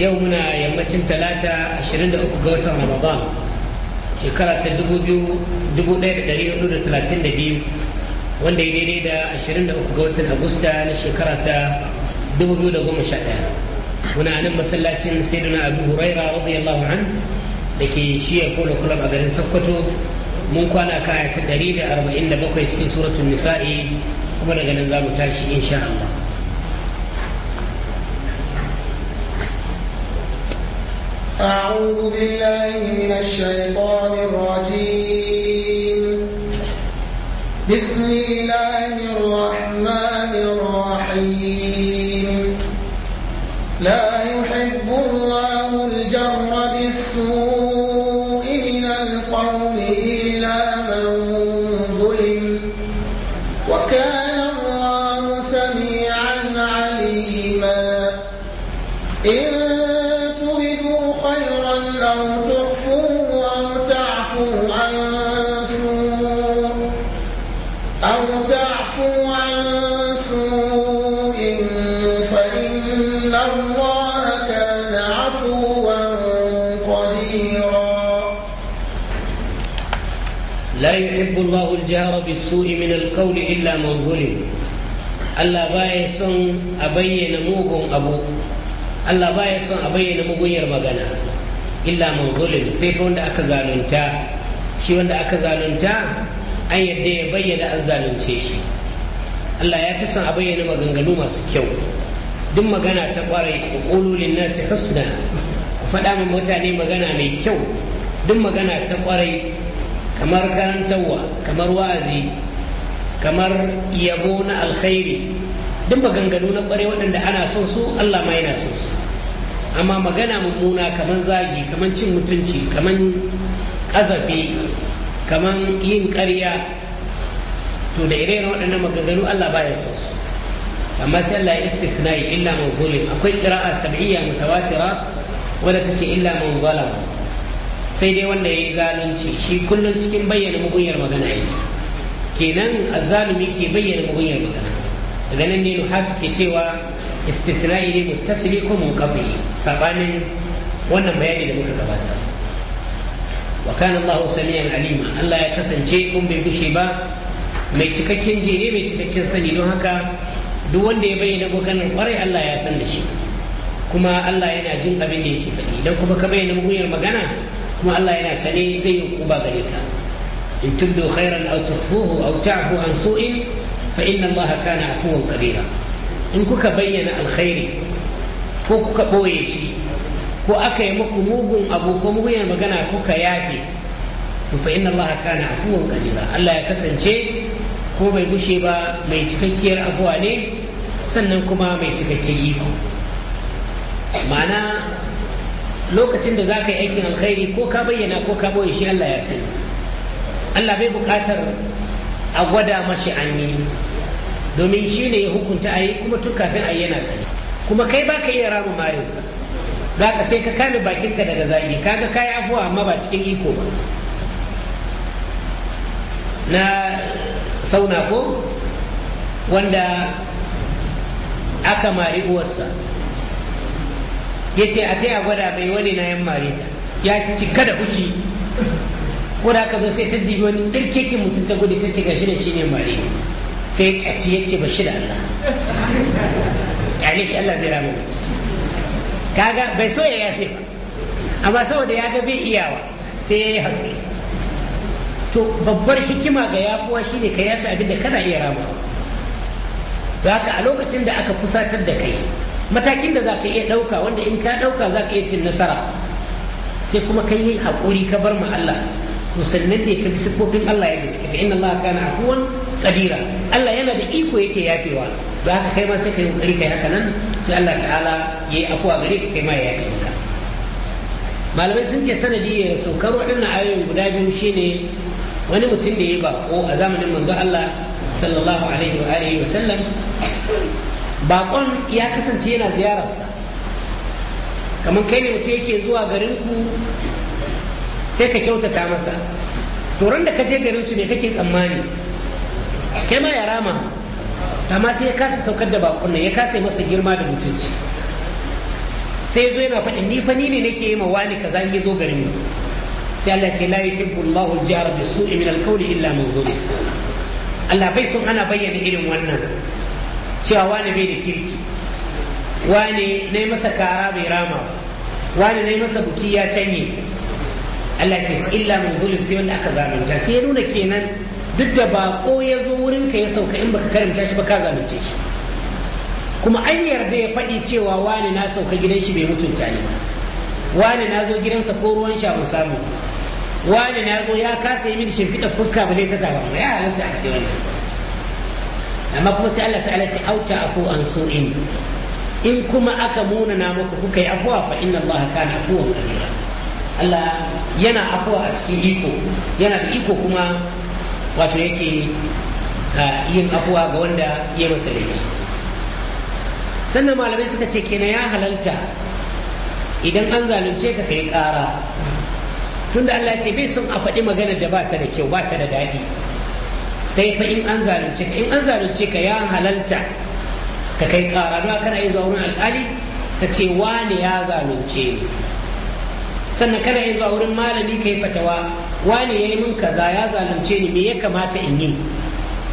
yau muna yammacin talata 23 ga watan ramadan shekara ta 1432 wanda ya daidai da 23 ga watan agusta na shekara ta 2011 muna nan masallacin sayyidina abu huraira radiyallahu an da ke shiya kola kula a garin sokoto mun kwana kaya ta 147 cikin suratun nisa'i kuma daga nan za mu tashi insha Allah أعوذ بالله من الشيطان الرجيم بسم الله الرحمن الرحيم لا يحب الله الجر بالسوء bisu min alkauli illa man zulim Allah baya son a bayyana mugun abu Allah baya son a bayyana mugunyar magana illa man zulim sai fa wanda aka zalunta shi wanda aka zalunta an yadda ya bayyana an zalunce shi Allah ya fi son a bayyana maganganu masu kyau duk magana ta kwarai ƙulolin nasi husna faɗa mutane magana mai kyau duk magana ta kwarai kamar karantarwa kamar wa'azi kamar yabo na alkhairi duk maganganu na kware waɗanda ana so su allah ma yana so su amma magana mummuna kamar zagi kamar cin mutunci kamar ƙazafi kamar yin ƙarya to da ire waɗannan maganganu allah baya so su amma sai allah ya istisnai illa man zulim akwai ƙira'a sab'iyya mutawatira wadda ta ce illa man zalama sai dai wanda ya yi zalunci shi kullum cikin bayyana mugunyar magana yake kenan azzalumi ke bayyana mugunyar magana daga nan ne nuhatu ke cewa istitla'i ne mutasiri ko munqati sabanin wannan bayani da muka gabata wa kana Allahu samiyan alima Allah ya kasance kun bai gushe ba mai cikakken jere mai cikakken sani don haka duk wanda ya bayyana maganar kwarai Allah ya san da shi kuma Allah yana jin abin da yake faɗi idan kuma ka bayyana mugunyar magana kuma Allah yana sane zai yi kuba gare ka in tubdu khairan aw tukhfuhu aw ta'fu an su'in fa inna Allah kana afuwan kabira in kuka bayyana alkhairi ko kuka boye shi ko aka yi muku mugun abu ko mugun magana kuka yafe to fa inna Allah kana afuwan kabira Allah ya kasance ko bai gushe ba mai cikakkiyar afuwa ne sannan kuma mai cikakken iko ma'ana lokacin da za ka yi aikin alkhairi ko ka bayyana ko ka boye shi Allah ya sani Allah bai buƙatar a gwada mashi an yi domin shi ne ya hukunta a yi kuma tun kafin a yana sani kuma kai ba ka iya ramu marinsa za ka sai ka kame bakinka daga zagi kaga kayi afuwa amma ba cikin iko ba na sauna ko wanda aka mari uwarsa ya ce a taya gwada mai wani na yan ta ya cika da uki ko da aka zo sai ta dibi wani irkeke mutum ta gudu ta ce gashi da shi ne mare sai ya ci ya ce ba shi da Allah ƙyale shi Allah zai rama kaga bai so ya yafe ba amma saboda ya ga bai iyawa sai ya yi haƙuri to babbar hikima ga yafuwa shine ka yafe abin da kana iya rama ba haka a lokacin da aka fusatar da kai matakin da za ka iya ɗauka wanda in ka ɗauka za ka iya cin nasara sai kuma ka yi haƙuri ka bar ma Allah to ne ka bi siffofin Allah ya gaske ka inna Allah kana afuwan kadira Allah yana da iko yake yafewa don haka kai ma sai ka yi kokari kai haka nan sai Allah ta'ala ya yi afuwa gare ka kai ma ya yafe maka malamai sun ce sanadi ya saukar waɗannan ayoyin guda biyu shine wani mutum da ya yi bako a zamanin manzo Allah sallallahu alaihi wa alihi wa sallam bakon ya kasance yana ziyararsa kamar kai ne mutum yake zuwa garinku sai ka kyautata masa turan da ka je garinsu ne kake tsammani kai ma ya rama amma sai ya kasa saukar da bakon nan ya kasa masa girma da mutunci sai zo yana faɗin ni fa ni ne nake yi ma wani ka in zo garin mu sai Allah ce la yuhibbu Allahu al-jahra bis-su'i al-qawli illa man zulim Allah bai son ana bayyana irin wannan cewa wani bai da kirki wani na masa kara bai rama wani na masa buki ya canye Allah ce illa mai zulub sai wanda aka zalunta sai ya nuna kenan duk da bako ya zo wurin ka ya sauka in baka karanta shi ba ka zalunce shi kuma an yarda ya faɗi cewa wani na sauka gidan shi bai mutunta ni ba wani na zo gidansa ko ruwan sha ba samu wani na zo ya kasa yi mini shimfiɗa fuska ba ne ta ba ya halatta a wannan amma kuma sai Allah ta'ala ta auta afu an su'in in kuma aka munana muku kuka yi afuwa fa inna Allah kana afuwan kabira Allah yana afuwa a cikin iko yana da iko kuma wato yake yin afuwa ga wanda ya masa laifi sannan malamai suka ce kenan ya halalta idan an zalunce ka kai ƙara tunda Allah ce bai son a faɗi maganar da ba ta da kyau ba ta da daɗi sai fa in an zalunce ka in an zalunce ka ya halalta ka kai ƙara don kana iya zuwa wurin alƙali ka ce wane ya zalunce ni sannan kana iya zuwa wurin malami ka yi fatawa wane ya yi min kaza ya zalunce ni me ya kamata in yi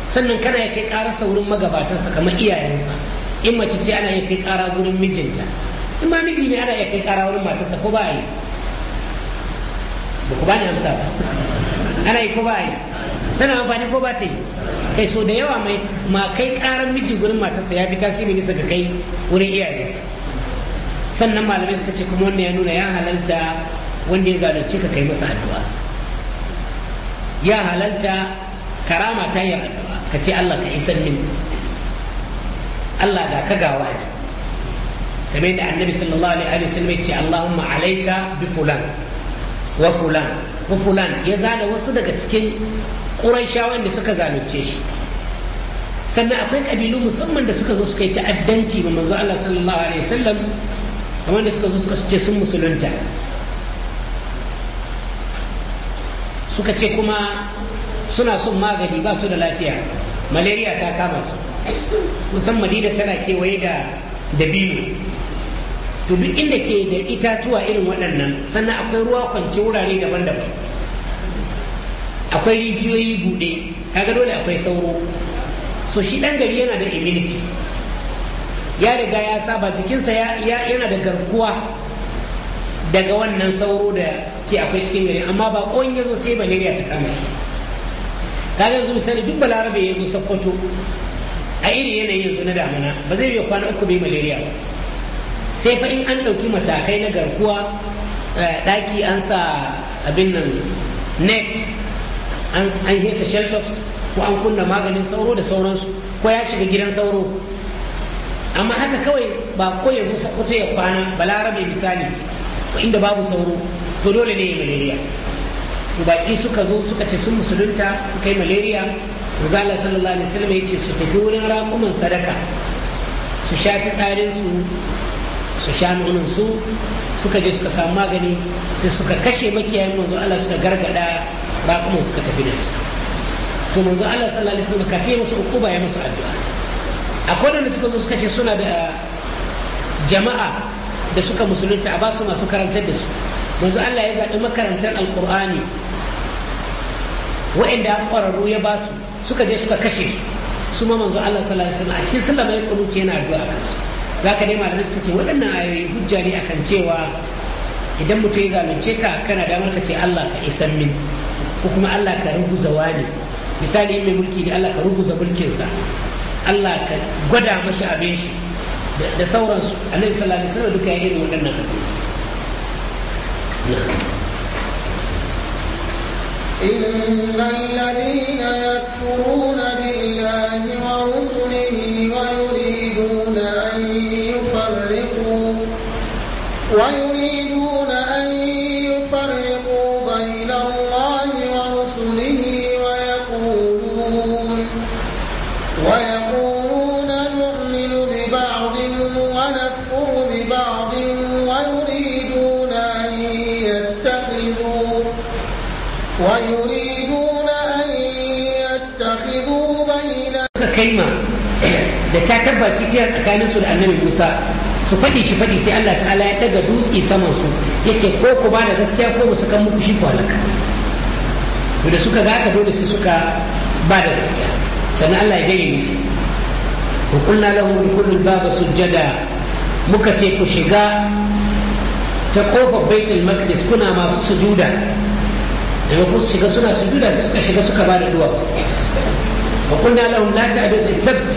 sannan kana ya kai ƙararsa wurin magabatansa kamar iyayensa in mace ce ana iya kai ƙara wurin mijinta in ma miji ne ana iya kai ƙara wurin matarsa ko ba yi ba ku ba ni amsa ba ana yi ko ba yi tana amfani ko ba ta yi kai eh, so da yawa mai ma kai karan miji gurin matarsa ya fi tasiri bisa ga kai wurin iyayensa sannan malamai suka ce kuma wannan ya nuna ya halalta wanda ya zalunci ka kai masa addu'a ya halalta karama ta yi addu'a ka ce Allah ka isan min Allah da ka gawa ne kamar da annabi sallallahu alaihi wa sallam ya ce Allahumma alaika bi fulan wa fulan wa fulan ya zana wasu daga cikin ƙuraishawan da suka zalunce shi sannan akwai ƙabilu musamman da suka zo suka yi ta'addanci ma manzo Allah sallallahu alaihi wasallam da suka zo suka ce sun musulunta suka ce kuma suna son magani ba su da lafiya malaria ta kama su musamman madina tana kewaye da dabino to duk inda ke da itatuwa irin waɗannan sannan akwai ruwa kwance wurare daban-daban akwai rijiyoyi buɗe kaga dole akwai sauro so shi ɗan gari yana da immunity ya riga ya saba jikinsa yana da garkuwa daga wannan sauro da ke akwai cikin gari amma ba yazo ya zo sai ta kama shi kaga yanzu misali duk balarabe yazo sakkwato a iri yanayi yanzu na damuna ba zai biya kwana uku bai malaria sai fa in an ɗauki matakai na garkuwa eh, ɗaki an sa abin nan net an hesa sheltox ko an kunna maganin sauro da sauransu ko ya shiga gidan sauro amma haka kawai ba ko ya zo sakwato ya kwana balarabe misali inda babu sauro to dole ne ya malaria baƙi suka zo suka ce sun musulunta suka yi malaria manzala sallallahu alaihi wasallam ya ce su tafi wurin raƙuman sadaka su sha fitsarin su su sha nonon su suka je suka samu magani sai suka kashe makiyayin manzo Allah suka gargada raƙumin suka tafi da su to manzo Allah sallallahu alaihi wasallam kafin musu ukuba ya musu addu'a akwai wanda suka zo suka ce suna da eh, jama'a da suka musulunta a basu masu karantar da su manzo Allah ya zaɓi makarantar alƙur'ani wa'inda ƙwararru ya ba su, suka je suka kashe su su ma manzo Allah sallallahu alaihi wasallam a cikin sallah mai ƙuruci yana addu'a kan su zaka dai malamai suka ce waɗannan ayoyi hujja ne akan cewa idan mutum ya zalunce ka kana damar ka ce Allah ka isan min ko kuma Allah ka ruguza wani misali mai mulki ne Allah ka ruguza mulkinsa Allah ka gwada mashi abin shi da sauransu annabi sallallahu alaihi wasallam duka ya irin waɗannan إن الذين يكفرون بالله ورسله ويريدون أن ويريدون أن يتخذوا بين كلمة da cacar baki ta tsakanin su da annabi Musa su faɗi shi faɗi sai Allah ta'ala ya daga dutse saman su yace ko ku ba da gaskiya ko su kan muku shi kwanaka da suka ga haka dole sai suka ba da gaskiya sannan Allah ya jare musu wa qulna lahum kullu baba sujjada muka ce ku shiga ta kofar baitul maqdis kuna masu sujuda daga ku shiga suna sujuda su suka shiga suka da duwa wa kunna lahum la ta'du fi sabt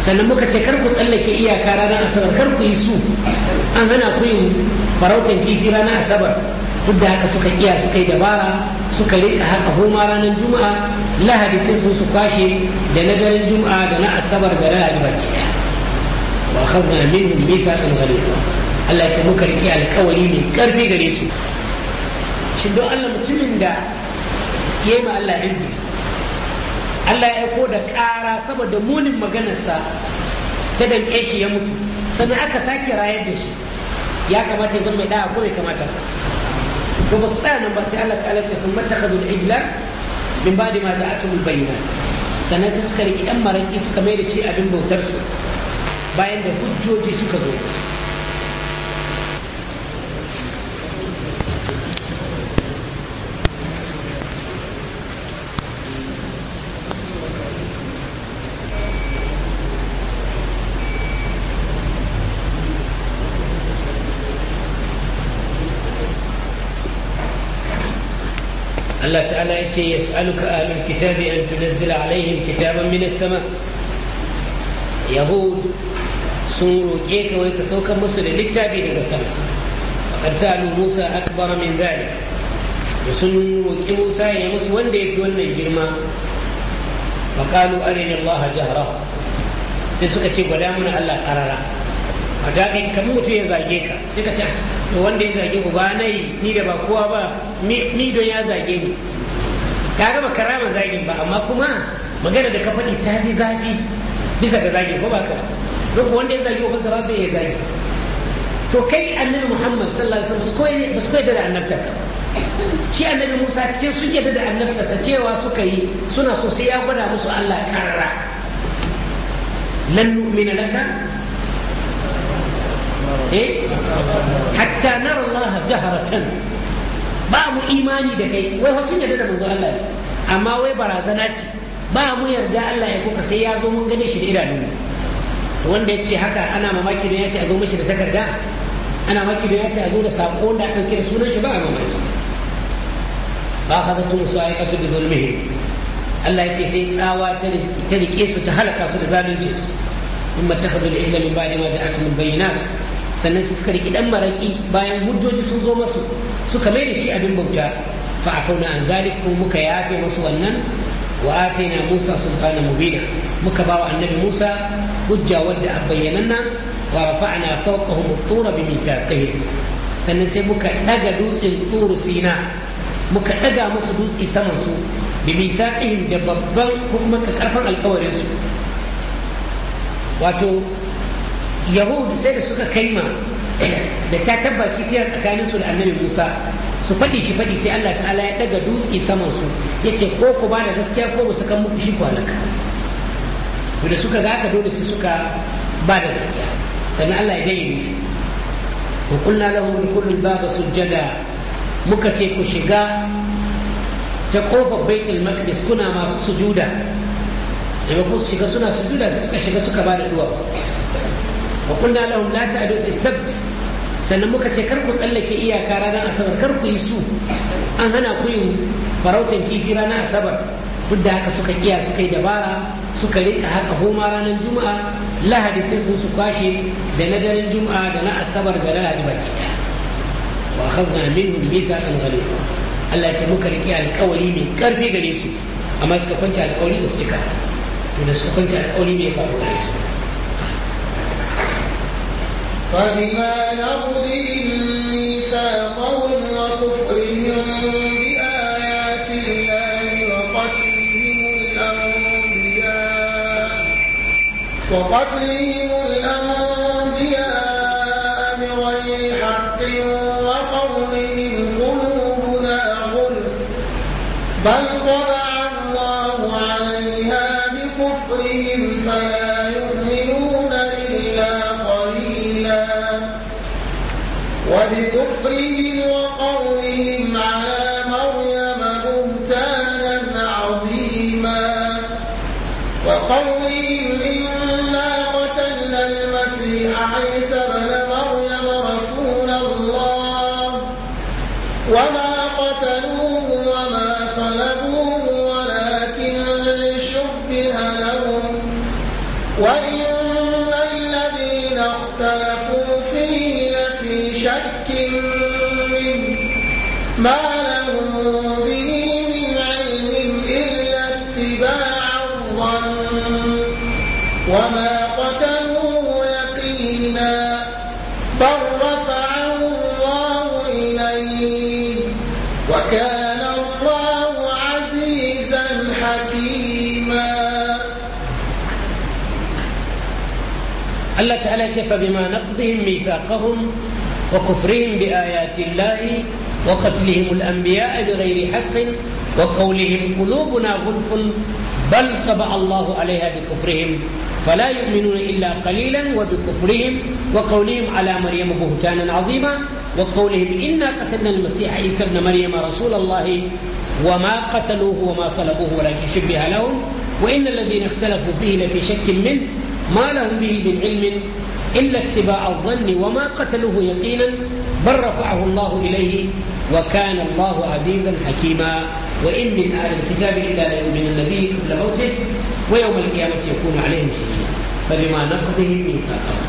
sannan muka ce kar ku tsallake iyaka ranar asabar kar ku yi su an hana ku yin farautan kifi ranar asabar duk da haka suka iya suka yi dabara suka rika haka homa ranar juma'a lahadi sai su su kwashe da na daren juma'a da na asabar da na lahadi baki ɗaya wa akhadna minhum mithaqan ghaliza Allah ya ce muka rike alkawari mai karfi gare su shin don Allah mutumin da ya yi ma Allah izini Allah ya aiko da ƙara saboda munin maganarsa ta danƙe shi ya mutu sannan aka sake rayar da shi ya kamata ya zama mai da'a ko bai kamata ba ba su tsaya nan ba sai Allah ta'ala ce sun mata kazo da ijla min ba da ma da atul bayyinat sannan sai suka riƙi ɗan maraƙi suka mai da shi abin bautar su bayan da hujjoji suka zo su Allah ta'ala ya ce yas'aluka ahlul kitabi an tunazzila alaihim kitaban min sama yahud sun roƙe ka wai ka saukar musu da littafi daga sama faqad sa'alu musa akbar min dhalik da sun roƙi musa ya musu wanda ya fi wannan girma faƙalu arin Allah jahra sai suka ce gwada mana Allah karara a daƙin kamar mutum ya zage ka sai ka ce to wanda ya zage uba nai ni da ba kowa ba ni don ya zage ni ka gaba karama zagin ba amma kuma magana da ka faɗi ta fi zafi bisa ga zagin ko ba ka ko wanda ya zage uba ba bai ya zage to kai annabi muhammad sallallahu alaihi wasallam ba su koyi da annabta shi annabi musa cikin sun yadda da sa cewa suka yi suna so sai ya gwada musu allah karara lan nu'mina laka eh hatta nara Allah jaharatan ba mu imani da kai wai wasu yarda da manzo Allah amma wai barazana ce ba mu yarda Allah ya kuka sai ya zo mun gane shi da idanu wanda ya ce haka ana mamaki don ya ce a zo mashi da takarda ana mamaki don ya ce a zo da sako da aka kira sunan shi ba a mamaki ba ka zato musu a aikatu da zulmihi Allah ya ce sai tsawa ta rike su ta halaka su da zalunci su sun mata ka zulmi ilimin ba da ma sannan su suka riki maraki bayan hujjoji sun zo masu suka mai da shi abin bauta fa fauna an zalik ko muka yafe masu wannan wa ataina musa sultana mubina muka bawa annabi musa hujja wadda abbayyananna wa rafa'na fawqahum at-tura bi mithaqihim sannan sai muka daga dutsen turu sina muka daga musu dutse saman su bi mithaqihim da babban ko kuma karfan alƙawarin su wato yahudu sai da suka kaima da ta baki tiyar tsakanin su da annabi musa su faɗi shi faɗi sai allah ta'ala ya ɗaga dutse saman su ya ce ko ku ba gaskiya ko ba su kan muku shi ku da suka ga aka dole su suka ba da gaskiya sannan allah ya janye shi wa kulna lahu min kullin baba sujjada muka ce ku shiga ta kofar baitul maqdis kuna masu sujuda da ku shiga suna sujuda suka shiga suka ba da duwa wa kunna lahum la ta'du bisabt sannan muka ce kar ku tsallake iyaka ranar asabar kar ku yi su an hana ku yin farautan kifi ranar asabar duk da haka suka iya suka yi dabara suka rika haka homa ranar juma'a lahadi sai su su kwashe da na daren juma'a da na asabar da na lahadi baki daya wa akhadna minhum mithaqan ghalid Allah ya ce muka rike alƙawari mai karfi gare su amma suka kwanta alƙawari ba su cika to da suka kwanta alƙawari mai faru gare su فبما نقضهم وكفرهم بآيات الله وقتلهم الأنبياء وقولهم بل قد كفرهم وقولهم على مريم بهتانا عظيما وقولهم إنا قتلنا المسيح عيسى مريم رسول الله وما حكيما الله تعالى بما نقضهم ميثاقهم وكفرهم بآيات الله وقتلهم الأنبياء بغير حق وقولهم قلوبنا غلف بل طبع الله عليها بكفرهم فلا يؤمنون إلا قليلا وبكفرهم وقولهم على مريم بهتانا عظيما وقولهم إنا قتلنا المسيح عيسى ابن مريم رسول الله وما قتلوه وما صلبوه ولكن شبه لهم وإن الذين اختلفوا فيه لفي شك منه ما لهم به من علم إلا اتباع الظن وما قتلوه يقينا بل رفعه الله إليه وكان الله عزيزا حكيما وإن من أهل الكتاب إلا ليؤمنن به قبل موته ويوم القيامة يكون عليهم شهيدا فبما نقضهم ميثاقهم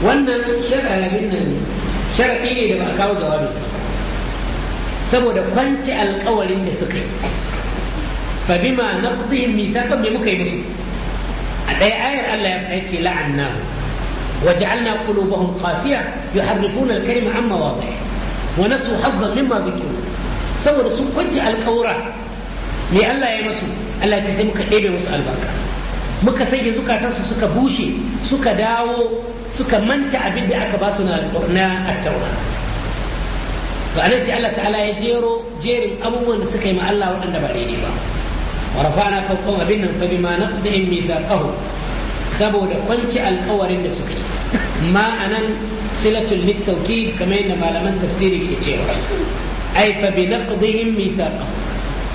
wannan sharaɗi ne da ba a kawo jawabinsa ba saboda kwanci alkawarin da suka yi fa bima naqdihim mithaqan bi muka yi musu a ɗaya ayar Allah ya ce la'anna wa ja'alna qulubahum qasiya yuharrifuna al-kalima amma wadihi wa nasu hazzan mimma dhukiru saboda su kwanci alkawura me Allah ya masu Allah ce sai muka ɗebe musu albarka muka sanya zukatansu suka bushe suka dawo suka manta abin da aka ba su na attaura to anan sai Allah ta'ala ya jero jerin abubuwan da suka yi ma Allah waɗanda ba daidai ba wa rafa'na kawkan abin nan fa bima naqdihim mithaqahu saboda kwanci alƙawarin da suka yi ma anan silatul littauki kamar yadda malaman tafsiri ke cewa ai fa bi naqdihim mithaqahu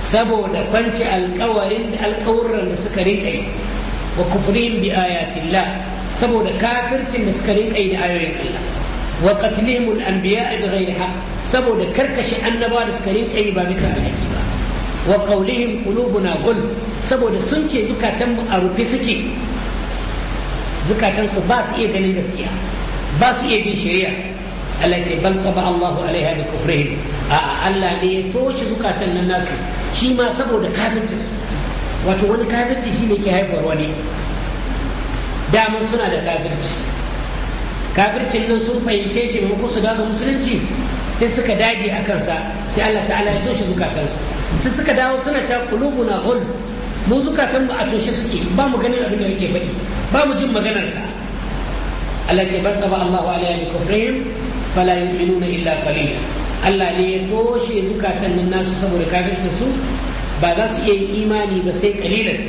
saboda kwanci alƙawarin da alƙawurran da suka riƙa yi wa kufrin bi ayatillah saboda kafircin da suka riƙa yi da ayoyin Allah wa qatlihim al-anbiya bighairi haqq saboda karkashe annaba da suka rinka yi ba bisa alhaki ba wa qawlihim qulubuna gulf saboda sun ce zukatan a rufe suke zukatan su ba su iya ganin gaskiya ba su iya jin shari'a Allah ce bal qaba Allahu alaiha bi kufrihim a Allah ne ya toshe zukatan nasu shi ma saboda wato wani kafirci shine ke haifar wani damun suna da kafirci kafircin nan sun fahimce shi maimakon su dawo musulunci sai suka dage a kansa sai Allah ta'ala ya toshe zukatansu sai suka dawo suna ta kulubuna hul mu zukatan mu a toshe suke ba mu ganin abin da yake faɗi ba mu jin maganar ka Allah ta barka ba Allahu alaihi wa kufrihim fala yu'minuna illa qalila Allah ne ya toshe zukatan nan nasu saboda kafircin su ba za su iya yin imani ba sai qalilan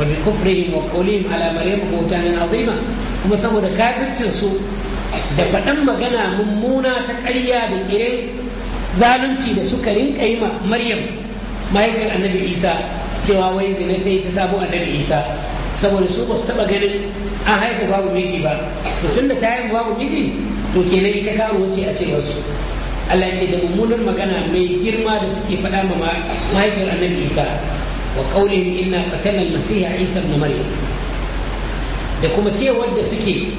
wa bi kufrihim wa qawlihim ala maryam buhtanan azima kuma saboda kafircin su da faɗan magana mummuna ta ƙarya da ƙirin zalunci da suka rinka yi maryam mahaifiyar annabi isa cewa wai zina ta yi ta sabo annabi isa saboda su ba su taɓa ganin an haifa babu miji ba to tun da ta haifa babu miji to kenan ita karuwa ce a cewar su Allah ce da mummunar magana mai girma da suke faɗa ma mahaifiyar annabi isa wa qaulihim inna qatalna al-masiha isa ibn maryam da kuma ce wanda suke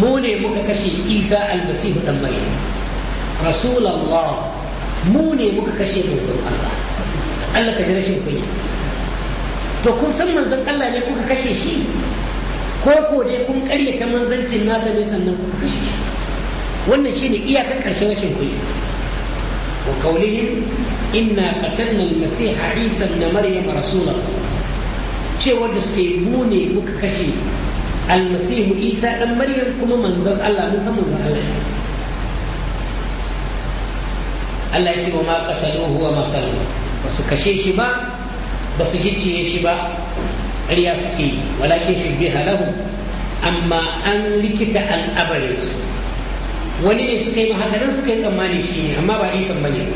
mu ne muka kashe isa almasihu dan maryam rasulallah mu ne muka kashe manzon allah allah ka ji rashin kunya to kun san manzon allah ne kuka kashe shi ko ko dai kun karyata manzancin nasa ne sannan kuka kashe shi wannan shine iyakar karshen rashin kunya wa qaulihim inna qatalna al-masiha isa ibn maryam rasulallah cewar da suke mu ne muka kashe almasihu isa dan maryam kuma manzon allah mun san manzon allah allah ya ce wa ma qataluhu wa ma ba su kashe shi ba ba su gicciye shi ba ƙarya suke shi bi lahu amma an likita al'abarin su wani ne suka yi mahadarin suka yi tsammani shi ne amma ba yi tsammani ba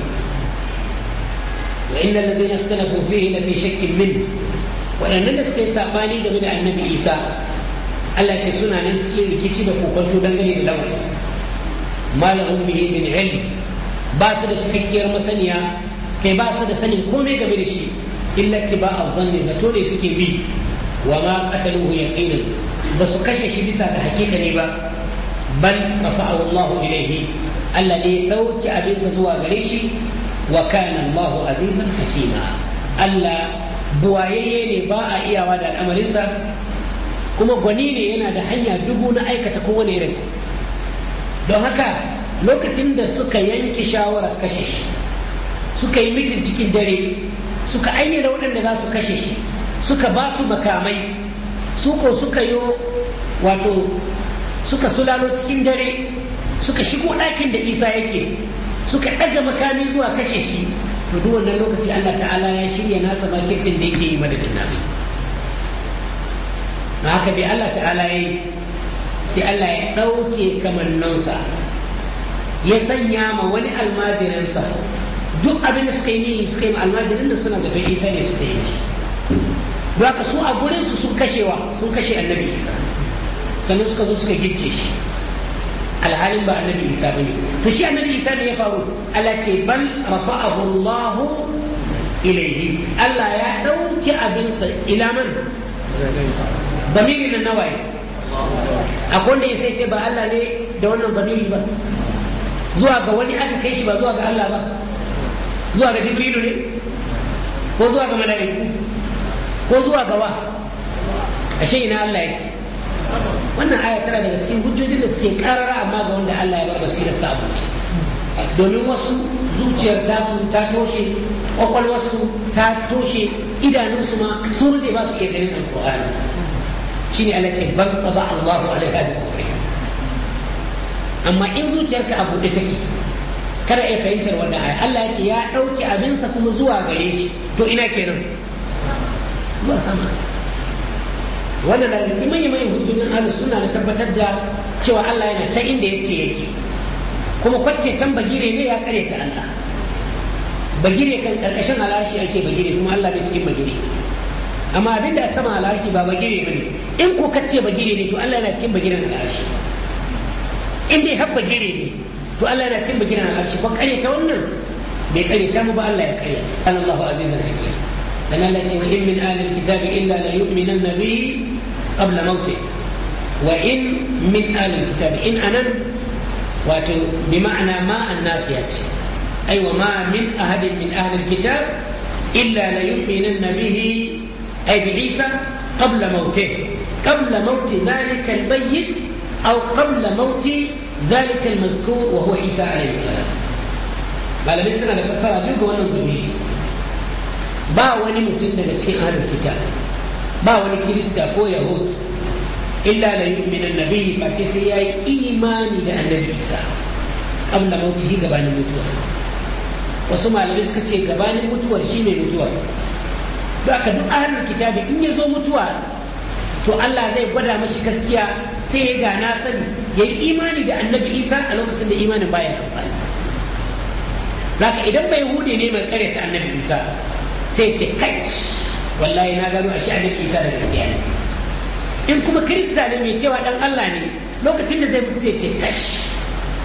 wa inna ladina ikhtalafu fihi la fi shakkin min waɗannan da suka yi saɓani game da annabi isa allah ce suna nan cikin rikici da kokonto dangane da lamarinsa malamin bihi min ilm ba su da cikakkiyar masaniya kai ba su da sanin komai game da shi illa tiba'a zanni zato ne suke bi wa ma qataluhu yaqinan ba su kashe shi bisa da hakika ne ba bal rafa'ahu Allahu ilayhi Allah ne ya dauki abinsa zuwa gare shi wa kana Allahu azizan hakima Allah buwayayye ne ba a iyawa da al'amarinsa kuma gwani ne yana da hanya dubu na aikata kowane irin don haka lokacin da suka yanke shawarar kashe shi suka yi mitin cikin dare suka ayyana waɗanda za su kashe shi suka ba su makamai suko suka yi wato suka sulalo cikin dare suka shigo ɗakin da isa yake suka ɗaga makami zuwa kashe shi to duk wannan lokaci Allah ta'ala ya shirya nasa makircin da yake yi madadin nasu na haka dai Allah ta'ala ya sai Allah ya ɗauke kamannonsa ya sanya ma wani almajirinsa duk abin da suka yi ne suka yi ma almajirin da suna zaton isa ne suka yi shi duk su a gurinsu sun kashewa sun kashe annabi isa sannan suka zo suka gicce shi alhalin ba annabi isa ba ne to shi annabi isa ne ya faru Allah ce bal rafa'ahu Allah ilaihi Allah ya ɗauki abinsa ila man damiri na nawaye akwai wanda ya sai ce ba Allah ne da wannan damiri ba zuwa ga wani aka kai shi ba zuwa ga Allah ba zuwa ga jibrilu ne ko zuwa ga mala'iku ko zuwa ga wa ashe ina Allah yake wannan aya tana daga cikin hujjojin da suke karara amma ga wanda Allah ya bar basirar sa abu domin wasu zuciyar tasu ta toshe kwakwalwarsu ta toshe idanunsu ma sun rufe ba su ke ganin alƙur'ani shine Allah ce ban qaba Allahu alaiha da kufri amma in zuciyarka a buɗe take kada ya fahimtar wannan aya Allah ya ce ya ɗauki abinsa kuma zuwa gare shi to ina kenan zuwa sama wannan na da manyan manyan hujjojin ahlus suna da tabbatar da cewa Allah yana can inda yake yake kuma kwace can bagire ne ya kare ta Allah bagire kan karkashin alashi ake bagire kuma Allah bai cikin bagire amma abin da sama alashi ba bagire ba ne in ko kace bagire ne to Allah yana cikin bagiren alashi in dai har bagire ne to Allah yana cikin bagiren alashi ko kare ta wannan bai kare ta mu ba Allah ya kare ta Allahu azizan hakim sannan Allah ce min ahlil kitabi illa la yu'minanna bi qabla mauti wa in min ahlil kitabi in anan wato bi ma'ana ma annafiya ce ai ma min ahadin min ahlil kitab illa la yu'minanna bihi ay bi Isa qabla mautih qabla mauti dhalika al-mayyit aw qabla mauti dhalika al wa Isa alayhi malamai suna da fassara duk wannan duniya ba wani mutum daga cikin ahlul kitab ba wani kirista ko yahud illa la yu'minu annabi ba ce sai yayi imani da annabi isa qabla mautihi gabanin mutuwarsa wasu malamai suka ce gabanin mutuwar shine mutuwar don haka duk ahlul da in ya zo mutuwa to Allah zai gwada mashi gaskiya sai ya gana sani ya yi imani da annabi isa a lokacin da imanin baya amfani haka idan bai hude ne mai karyata annabi isa sai ce kai wallahi na gano a sha'anin isa da gaskiya ne in kuma kirista ne mai cewa dan allah ne lokacin da zai mutu sai ce kash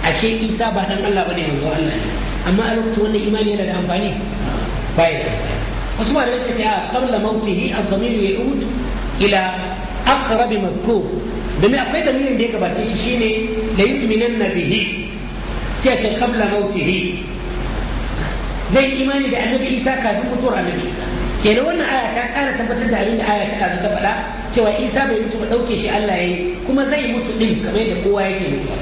ashe isa ba dan allah bane yanzu allah ne amma a lokacin wannan imani yana da amfani bai da wasu da suka ce a ah, qabla mautihi ad-damiru ya'ud ila aqrab mazkur domin akwai damirin da ya gabace shi shine la yu'minanna bihi sai ce qabla mautihi zai imani da annabi isa kafin mutuwar annabi isa kenan wannan aya ta kara tabbatar da abin da aya ta kasu ta faɗa cewa isa bai mutu ba ɗauke shi allah ya yi kuma zai mutu ɗin kamar yadda kowa yake mutuwa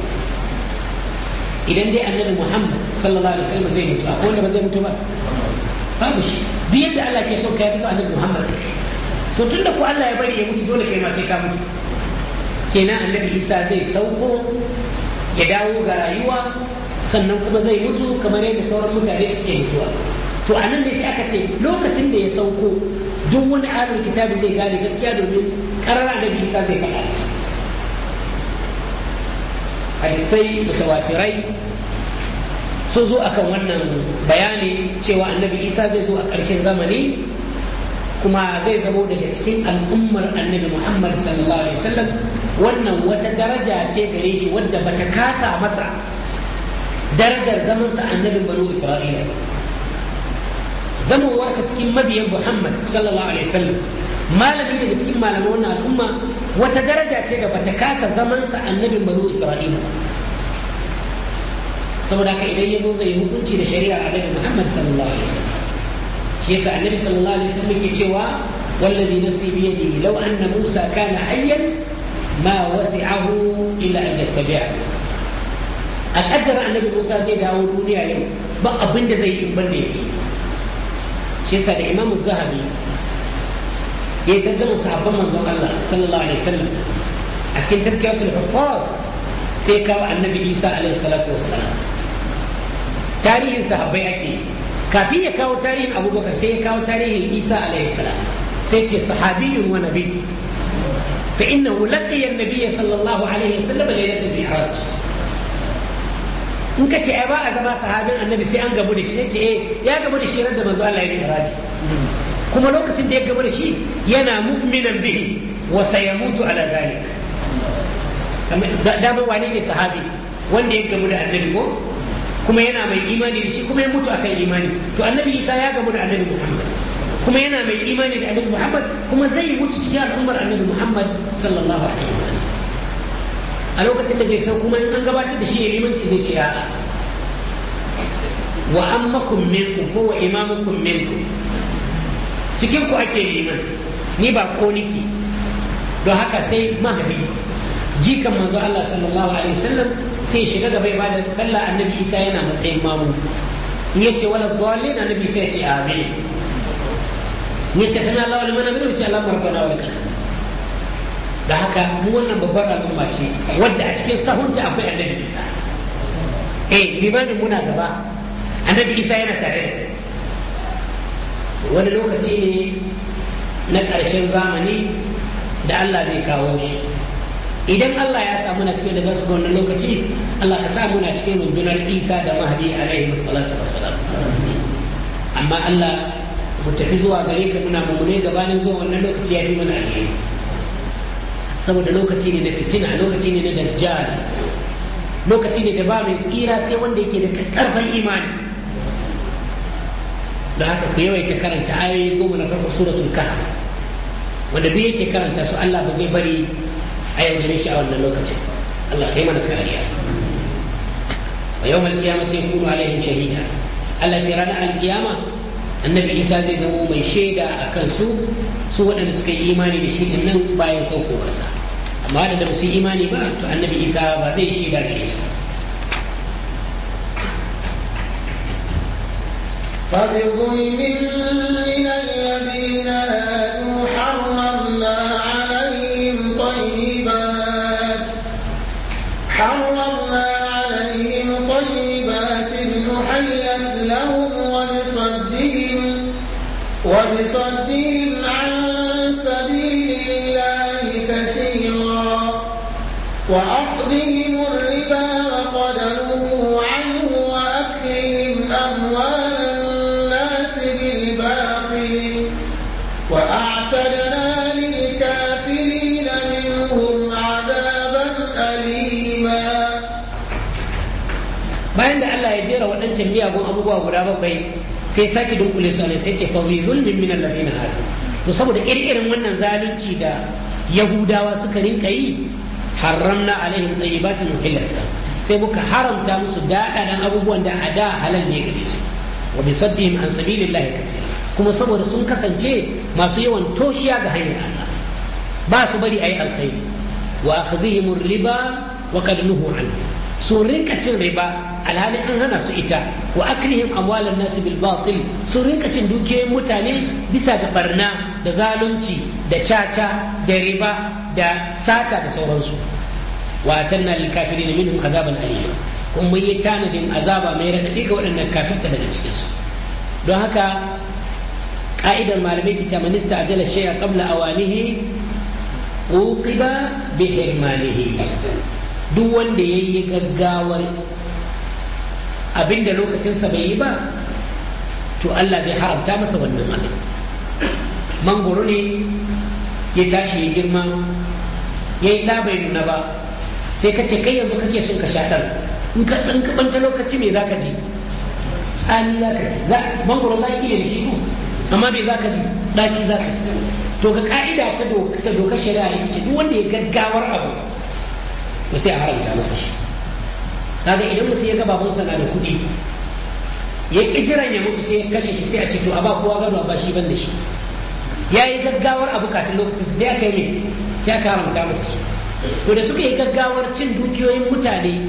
idan dai annabi muhammad sallallahu alaihi wasallam zai mutu akwai wanda ba zai mutu ba babu shi duk yadda allah ke so ka yi so annabi muhammad to tunda ko allah ya bari ya mutu dole kai ma sai ka mutu kenan annabi isa zai sauko ya dawo ga rayuwa sannan kuma zai mutu kamar yadda sauran mutane suke mutuwa to a nan ne sai aka ce lokacin da ya sauko duk wani alul kitabi zai gane gaskiya domin karar annabi isa zai faɗa shi hadisai mutawatirai sun zo akan wannan bayani cewa annabi isa zai zo a ƙarshen zamani kuma zai zamo daga cikin al'ummar annabi muhammad sallallahu alaihi wasallam wannan wata daraja ce gare shi wadda bata kasa masa darajar zamansa annabin banu isra'ila zamowarsa cikin mabiyan muhammad sallallahu alaihi wasallam malami daga cikin malaman wannan al'umma wata daraja ce da bata kasa zamansa annabin banu isra'ila saboda haka idan ya zo zai hukunci da shari'ar annabi muhammad sallallahu alaihi wasallam shi yasa annabi sallallahu alaihi wasallam yake cewa wallazi nafsi bi yadihi law anna musa kana hayyan ma wasi'ahu illa an yattabi'a a kaddara annabi musa zai dawo duniya yau ba abin da zai yi in ban da yake shi yasa da imamu zahabi ya tattara sahabban manzon allah sallallahu alaihi wasallam a cikin tafkiyatul huffaz sai kawo annabi isa alaihi salatu wassalam tarihin sahabbai ake kafin ya kawo tarihin abubakar sai ya kawo tarihin isa alaihi salam sai ce sahabiyun wa nabi fa innahu laqiya an-nabiyya sallallahu alaihi wasallam lailatul mi'raj in ka ce ai ba a zama sahabin annabi sai an gamu da shi sai ce eh ya gamu da shi ran da manzo Allah ya miraji kuma lokacin da ya gamu da shi yana mu'minan bihi wa sayamutu ala dhalik da mai wani ne sahabi wanda ya gamu da annabi ko kuma yana mai imani da shi kuma ya mutu akan imani to annabi Isa ya gamu da annabi Muhammad kuma yana mai imani da annabi Muhammad kuma zai mutu cikin al'ummar annabi Muhammad sallallahu alaihi wasallam a lokacin da zai sau kuma in an gabatar da shi ya limanci zai ce a'a wa ammakum minkum ko wa imamukum minkum cikin ku ake liman ni ba ko niki don haka sai mahadi jikan manzo Allah sallallahu alaihi wasallam sai shiga gaba ya bada sallah annabi Isa yana matsayin mamu in yace wala dhalin annabi sai ya ce amin yace sana Allah wal manabiyyu ce Allah markana wal kana da haka mu wannan babbar al'umma ce wadda a cikin sahunta akwai annabi isa eh limanin muna gaba annabi isa yana tare da wani lokaci ne na ƙarshen zamani da allah zai kawo shi idan allah ya samu na cikin da za su wannan lokaci allah ka samu na cikin rundunar isa da mahdi alaihi salatu wassalam amma allah mu tafi zuwa gare ka muna mummune gabanin zuwa wannan lokaci ya fi mana alheri saboda lokaci ne na fitina lokaci ne na darjal lokaci ne da ba mai tsira sai wanda yake da karfin imani da haka ku yawaita karanta ayoyi goma na farko suratul kahf wanda bai yake karanta su Allah ba zai bari a yaudare shi a wannan lokacin Allah kai mana kariya wa yawmal qiyamati yakunu alaihim shahida Allah ya rana al-qiyama annabi isa zai zama mai shaida a kan su su waɗanda suka yi imani da shi nan bayan saukowarsa amma da ba su imani ba to annabi isa ba zai shaida gare su فبظلم من الذين لا وبصدهم عن سبيل الله كثيرا وأخذهم الربا وقد نهوا عنه وأكلهم أموال الناس بالباطل وأعتدنا للكافرين منهم عذابا أليما bayan da Allah ya jera waɗancan miyagun abubuwa guda bakwai sai sake dunkule su alai sai ce fa wi zulmin min alladhina hadu to saboda irin wannan zalunci da yahudawa suka rinka yi haramna alaihim tayyibatin uhillat sai muka haramta musu daɗaɗan abubuwan da a da halal ne gare su wa bi saddihim an sabilillahi kathira kuma saboda sun kasance masu yawan toshiya ga hanyar Allah ba su bari ayi alkhairi wa akhdhihim riba wa qad anhu su rinka cin riba alhali an hana su ita wa aklihim amwalan nasi bil batil sun rinka cin dukiyoyin mutane bisa da barna da zalunci da caca da riba da sata da sauransu wa atanna lil kafirin minhum azaban alim kun mun yi tanadin azaba mai raɗaɗi ga waɗannan kafirta daga cikinsu don haka ƙa'idar malamai kita minista a jala shaya ƙabla awanihi uqiba bi duk wanda ya yi gaggawar abinda lokacinsa bai yi ba to Allah zai haramta masa wannan abin mangoro ne ya tashi ya girma ya yi ɗa bai nuna ba sai ka ce kai yanzu kake son ka sha in ka ɗan kaɓanta lokaci me za ka ji tsani za ka ji mangoro za ki iya da shi amma me za ka ji ɗaci za ka ji to ga ka'ida ta dokar shari'a ita ce duk wanda ya gaggawar abu to sai a haramta masa shi kaga idan mutum ya ga babansa na da kuɗi ya ƙi jiran ya mutu sai ya kashe shi sai a ce to a ba kowa gado a ba shi ban da shi ya yi gaggawar abu kafin lokacin sai aka yi sai aka haramta masa shi to da suka yi gaggawar cin dukiyoyin mutane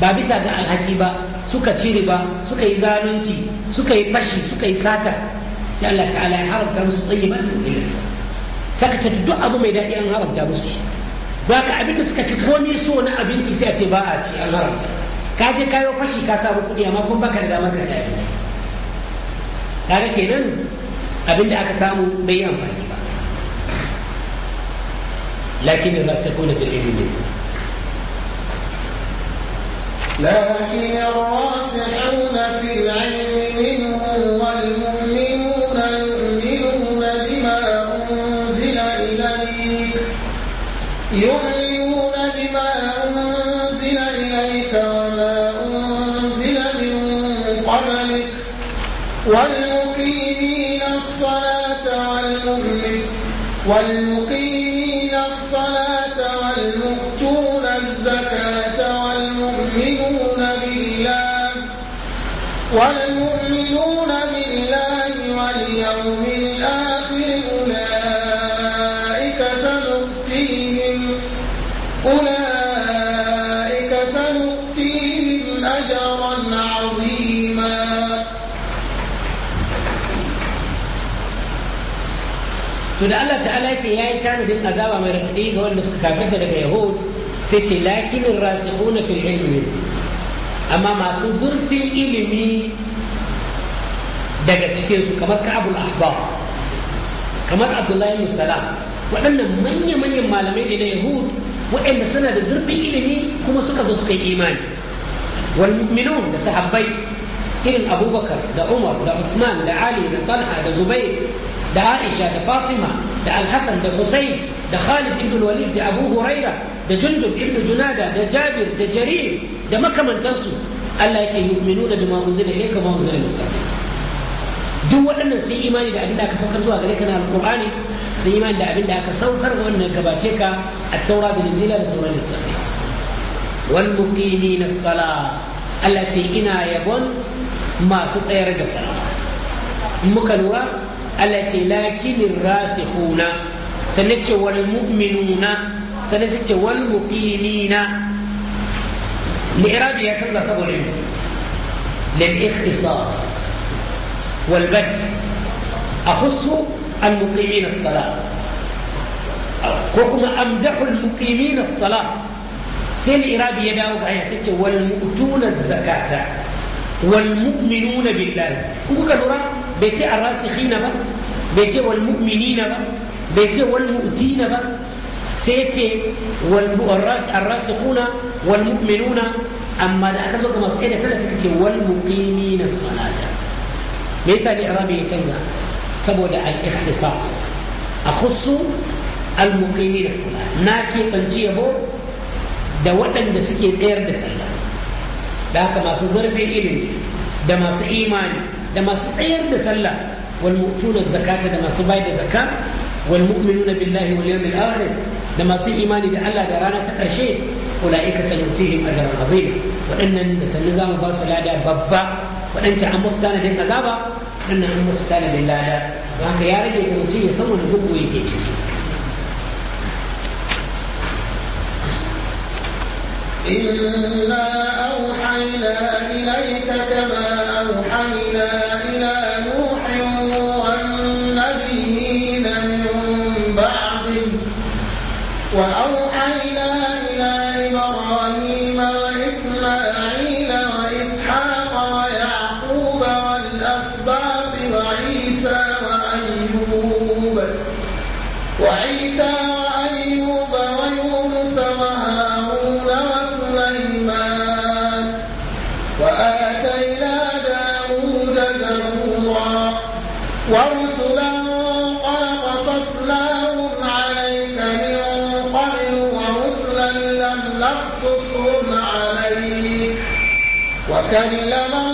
ba bisa ga alhaki ba suka cire ba suka yi zalunci suka yi fashi suka yi sata sai Allah ta'ala ya haramta musu tsayyibatu illa ta ta duk abu mai daɗi an haramta musu shi ba ka abin da suka fi komi so na abinci sai a ce ba a ci an haramta ka je kayo fashi ka samu kuɗi amma kuma baka da damar ka ci abinci kaga kenan abin da aka samu bai yi amfani ba lakin ba sai kuna da ilimi لكن الراسحون في العلم منهم والمؤمنون والمقيمين الصلاة والمؤمن والمقيمين ta'ala ce ya yi tanadin azaba mai raɗaɗi ga wanda suka kafirta daga yahud sai ce lakinin rasikhuna fil ilmi amma masu zurfin ilimi daga cikinsu kamar ka'abul ahbab kamar abdullahi musala waɗannan manya-manyan malamai ne na yahud waɗanda suna da zurfin ilimi kuma suka zo suka yi imani wal mu'minun da sahabbai irin abubakar da umar da usman da ali da talha da zubair da aisha da fatima da alhassan da husayn da khalid ibn walid da abu huraira da jundub ibn junada da jabir da jarir da makamantansu allah ya ce yu'minuna bima unzila ilayka ma unzila min duk waɗannan sun imani da abin da aka saukar zuwa gare ka na alqur'ani sun imani da abin da aka saukar ga wannan gabace ka a taura da injila da sauran littafi wal muqimin sala allah ce ina yabon masu tsayar da sallah muka lura التي لكن الراسخون سنكت والمؤمنون سنكت والمقيمين لإرادة يتطلع صبر للإخصاص والبدء أخص المقيمين الصلاة وكما أمدح المقيمين الصلاة سين إرابي يداو بعيا سكت والمؤتون الزكاة والمؤمنون بالله وكما نرى bai ce arrasikhina ba bai ce ba bai ce ba sai ya ce arrasikhuna wal amma da aka zo kuma sai da sallah suka ce wal muqimina salata me yasa ne arabi ya canza saboda al-ikhtisas akhussu al muqimin as-salah na ke banci yabo da waɗanda suke tsayar da sallah da haka masu zarbe ilimi da masu imani da masu tsayar da sallah wal mu'tuna zakata da masu bai da zakka wal mu'minuna billahi wal yawmil akhir da masu imani da Allah da rana ta karshe ulaika sanutihim ajran azim waɗannan da sannu zamu ba su lada babba waɗancan an musu tanadin azaba waɗannan an musu tanadin lada haka ya rage ga mutum ya san wani gungu yake ciki إنا أوحينا إليك كما أوحينا إلى نوح والنبيين من بعده كلا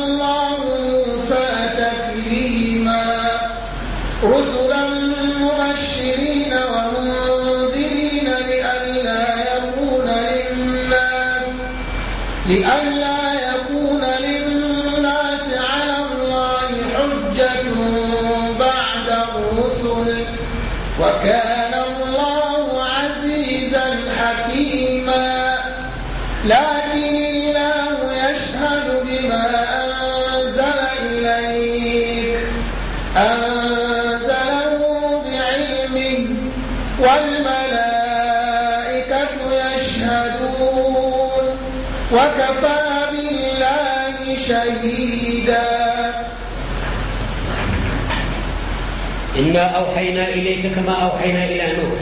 inna auhayna ilayka kama auhayna ila nuh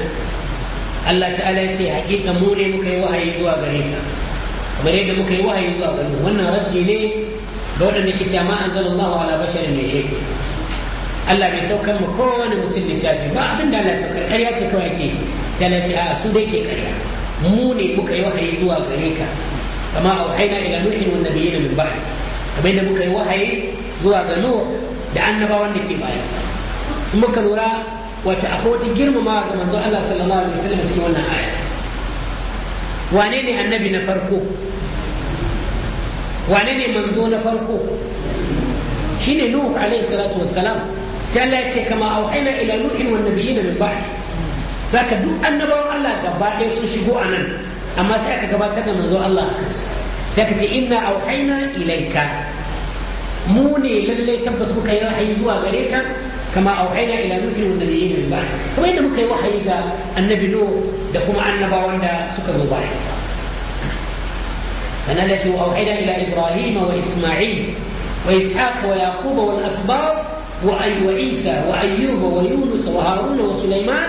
Allah ta'ala ya ce hakika mu ne muka yi wahayi zuwa gare ka kamar yadda muka yi wahayi zuwa gare mu wannan rabbi ne ga waɗanda ke cewa ma anzalallahu ala basharin min shay Allah bai saukar mu wani mutum da littafi ba abin da Allah saukar ƙarya ce kawai ke sai Allah ce a su da ke ƙarya mu ne muka yi wahayi zuwa gare ka kama auhayna ila nuhin wan nabiyyin min ba'd kamar yadda muka yi wahayi zuwa ga nuh da annabawan da ke bayansa in muka lura wata akwai wata girmamawa ga manzon Allah sallallahu alaihi wasallam cikin wannan aya wane ne annabi na farko wane ne manzo na farko shine nuh alaihi salatu wassalam sai Allah ya ce kama auhayna ila nuhin wan nabiyina min ba'di zaka duk annabawan Allah gaba ɗaya sun shigo a nan amma sai aka gabatar da manzo Allah a kansu sai aka ce inna auhayna ilaika mu ne lallai tabbas muka yi ra'ayi zuwa gare ka كما أوحينا إلى نوح والنبيين من بعد كما إن مكي وحي إلى النبي نوح دكما أنبا وندا سكر مباحث سنالتي وأوحينا إلى إبراهيم وإسماعيل وإسحاق ويعقوب والأسباط وأي وعيسى وأيوب ويونس وهارون وسليمان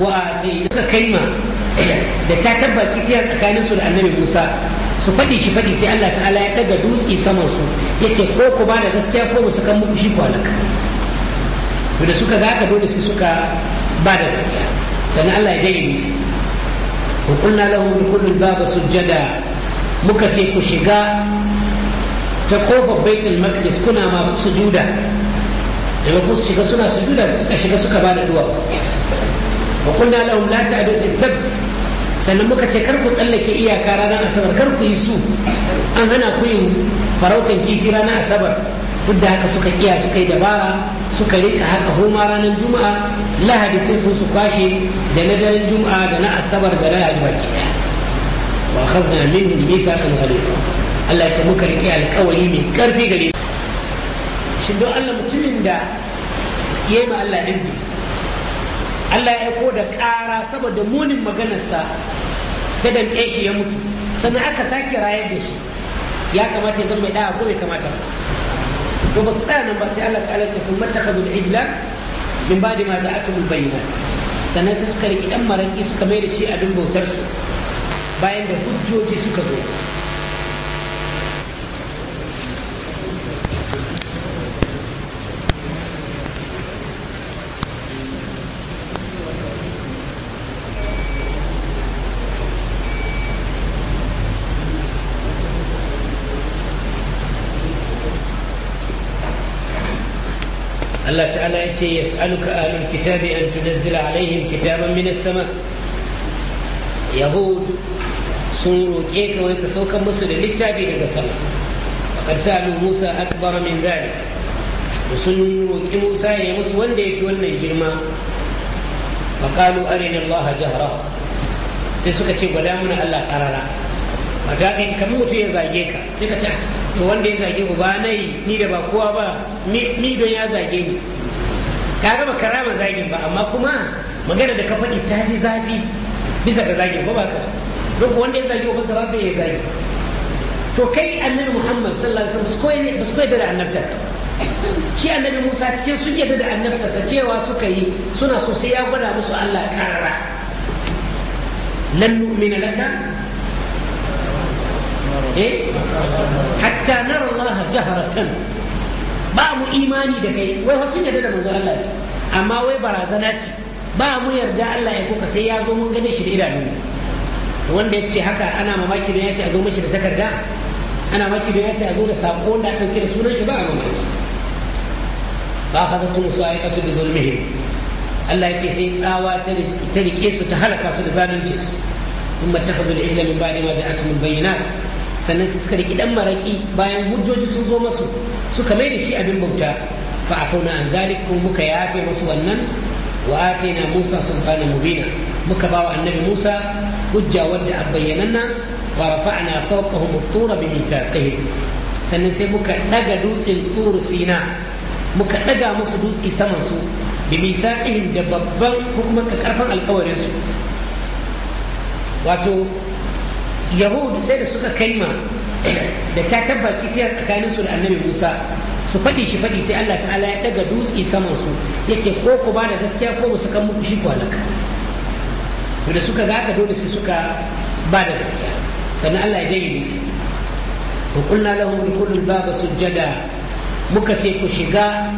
وآتينا كلمة da ta tabbaki ta tsakanin su da annabi Musa su faɗi shi faɗi sai Allah ta'ala ya ɗaga dutse saman su yace ko ku ba da gaskiya ko musu kan muku shi kwalaka to da suka zaka dole su suka ba da gaskiya sannan Allah ya jaye musu wa qulna lahum dukhulul baba sujjada muka ce ku shiga ta kofar baitul maqdis kuna masu sujuda Da ku su shiga suna sujuda suka shiga suka ba da duwa wa qulna lahum la ta'du sabt sannan muka ce kar ku tsallake iyaka ranar asabar kar ku yi su an hana ku yin farautan kifi ranar asabar duk da haka suka iya suka yi dabara suka rika haka homa ranar juma'a lahadi sai su su kwashe da na daren juma'a da na asabar da lahadi baki daya wa khazna minhum mithaqan ghaliza Allah ya ce muka rike alƙawari mai karfi gare shi don Allah mutumin da yayi ma Allah izini Allah ya ko da ƙara saboda munin maganarsa ta danƙe shi ya mutu sannan aka sake rayar da shi ya kamata ya zama mai da'a ko bai kamata ba to ba su tsaya nan ba sai Allah ta'ala ta sun mattakhadul ijla min ba'di ma ja'atuhum bayyinat sannan sai suka riki dan maraki suka mai da shi abin bautar su bayan da hujjoji suka zo Allah ta'ala ya ce ya yas'aluka ahlul kitabi an tunazzila alaihim kitaban minas sama yahud sun roƙe ka wani ka saukan musu da littafi daga sama faqad sa'alu musa akbar min dhalik sun roƙi musa ya yi musu wanda ya fi wannan girma faƙalu arin Allah jahara sai suka ce gwada mana Allah ƙarara a daɗin kamar mutum ya zage ka sai ka ce ah, to wanda ya zage ba nai ni da ba kowa ba ni don ya zage ni ka gaba karama zagin ba amma kuma magana da ka faɗi ta fi zafi bisa ga zagin ba ba ka duk wanda ya zage ku ba ya zage to kai annabi muhammad sallallahu alaihi wasallam ba su koyi da annabta ka shi annabi musa cikin sun yadda da sa cewa suka yi suna so sai ya gwada musu allah karara lan nu'mina laka eh hatta nara Allah jahratan ba mu imani da kai wai wasu yarda da manzo Allah amma wai barazana ce ba mu yarda Allah ya kuka sai ya zo mun gane shi da idanu wanda ya ce haka ana mamaki don ya ce a zo mashi da takarda ana mamaki don ya ce a zo da sako da aka da sunan shi ba a mamaki ba ka tun sai ka da zulmihim Allah ya ce sai tsawa ta rike su ta halaka su da zalunci su sun ba ta fadul ijla min ba'di ma ja'atul bayyinat sannan sai suka riki dan maraki bayan hujjoji sun zo masu suka mai da shi abin bauta fa afuna an zalik ko muka yafe masu wannan wa na musa sultana mubina muka bawa annabi musa hujja wadda abbayyananna wa rafa'na fawqahum at-tura bi mithaqihim sannan sai muka daga dutsen turu sina muka daga musu dutse saman su bi mithaqihim da babban hukumar karfan alkawarin su wato yahudu sai da suka kaima da cacar baki ta tsakanin su da annabi musa su faɗi shi faɗi sai allah ta'ala ya ɗaga dutse saman su ya ce ko ku ba da gaskiya ko ba su kan muku shi kwalaka da suka ga aka dole sai suka ba da gaskiya sannan allah ya janye musu wa kulna lahum dukhulul baba sujjada muka ce ku shiga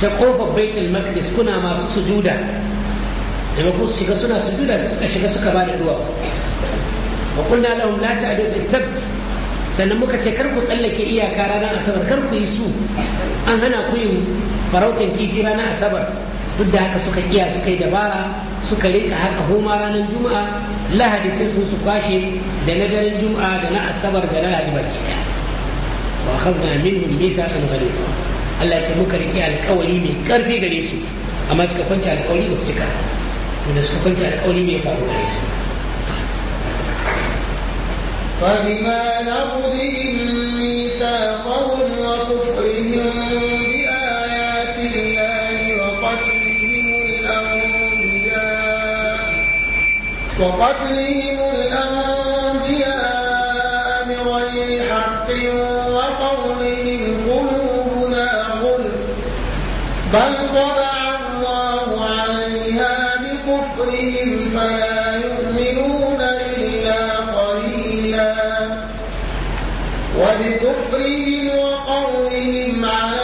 ta kofar baitul maqdis kuna masu sujuda da ku shiga suna sujuda suka shiga suka ba da duwa wa kunna lahum la sabt sannan muka ce kar ku tsallake iyaka ranar asabar kar ku yi su an hana ku yin farautan kifi ranar asabar duk da haka suka kiya suka yi dabara suka rinka haka homa ranar juma'a lahadi sai su kwashe da na daren juma'a da na asabar da na lahadi baki daya wa akhadna minhum mithaqan ghaliza Allah ce muka rike alƙawari mai karfi gare amma kwanta su cika kwanta mai faru فبما نقضهم ميثاقهم وكفرهم بآيات الله وقتلهم الأنبياء وقتلهم الأنبياء وبكفرهم وقولهم على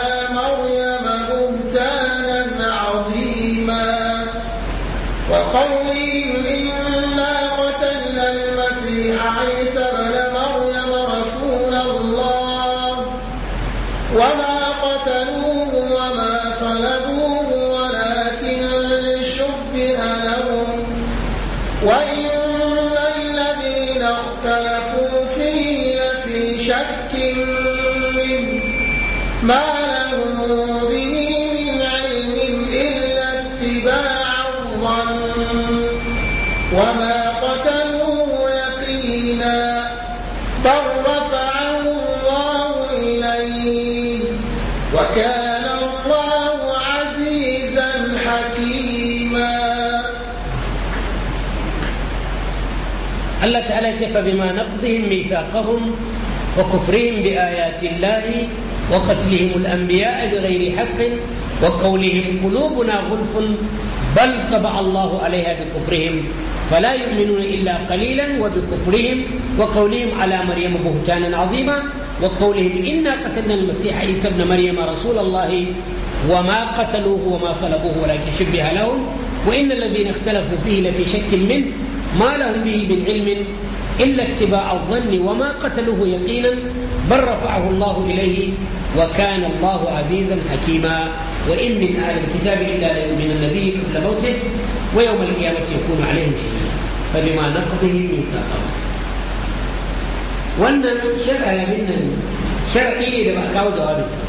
فكيف بما نقضهم ميثاقهم وكفرهم بآيات الله وقتلهم الأنبياء بغير حق وقولهم قلوبنا غلف بل طبع الله عليها بكفرهم فلا يؤمنون إلا قليلا وبكفرهم وقولهم على مريم بهتانا عظيما وقولهم إنا قتلنا المسيح عيسى ابن مريم رسول الله وما قتلوه وما صلبوه ولكن شبه لهم وإن الذين اختلفوا فيه لفي شك منه ما لهم به من علم إلا اتباع الظن وما قتلوه يقينا بل رفعه الله إليه وكان الله عزيزا حكيما وإن من أهل الكتاب إلا ليؤمن النبي قبل موته ويوم القيامة يكون عليهم شهيدا فبما نقضهم ميثاقهم wannan sharaɗin nan sharaɗi ne da ba kawo jawabinsa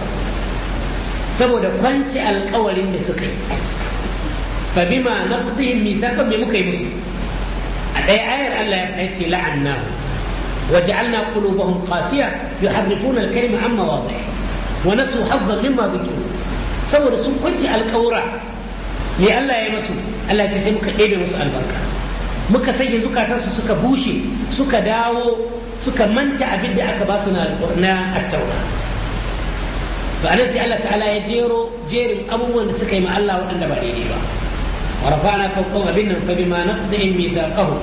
saboda kwanci alkawarin da suka yi fa bima naqdihim mithaqan me muka yi musu ɗaya eh, ayar Allah ya eh, ce la'annahu waj'alna qulubahum qasiya yuharrifuna al-kalima an mawadi'i wa nasu hazzan mimma dhukiru saboda sun kwanci alƙawura me Allah ya masu Allah ce sai muka ɗebe musu albarka muka sanya zukatansu suka bushe suka dawo suka manta abin da aka ba su na attaura ba anan sai Allah ta'ala ya jero jerin abubuwan da suka yi ma Allah waɗanda ba daidai ba rafa'na fawqa abin nan fa bima naqdihim mithaqahum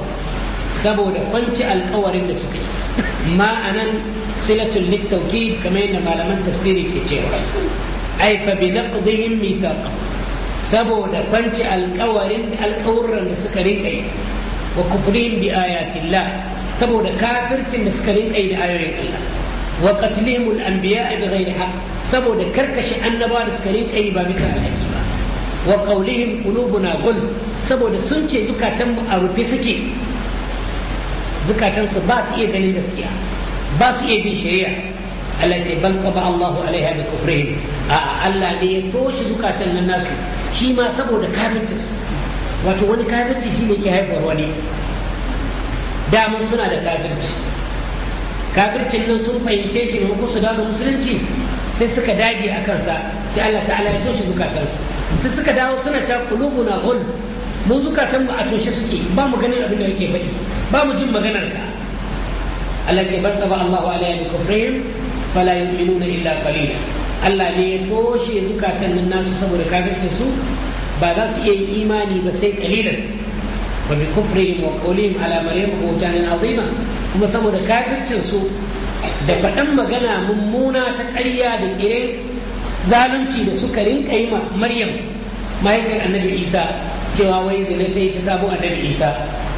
saboda kwanci alƙawarin da suka yi ma anan silatul littauki kamar yadda malaman tafsiri ke cewa ai fa bi naqdihim mithaqahum saboda kwanci alkawarin alkawurran da suka rinka yi wa kufrihim bi ayatillah saboda kafircin da suka rinka yi da ayoyin Allah wa qatlihim al-anbiya bi ghairi haqq saboda karkashi annabawa da suka rinka yi ba bisa alhaki ba wa qawlihim qulubuna gulf saboda sun ce zukatan a rufe suke zukatansu ba su iya ganin gaskiya ba su iya jin shari'a Allah ce bal qaba Allahu alaiha bi kufrihim a Allah ne ya toshe zukatan nan nasu shi ma saboda kafirci wato wani kafirci shi ne ke haifar wani daman suna da kafirci kafircin nan sun fahimce shi ne ko su dawo musulunci sai suka dage a kansa sai Allah ta'ala ya toshe zukatansu su suka dawo suna ta na hul mu zukatan mu a toshe suke ba mu ganin abin da yake faɗi ba mu jin maganar ka Allah ke barka ba Allahu ala bi Kufrin fala yu'minuna illa qalila Allah ne ya toshe zukatan nan nasu saboda kafircin su ba za su iya yin imani ba sai qalilan wa bi kufrin wa qulim ala maryam buhtanan azima kuma saboda kafircin su da faɗan magana mummuna ta ƙarya da kire zalunci da suka rinka yi maryam mahaifiyar annabi isa cewa wai zina ta yi ta sabo annabi isa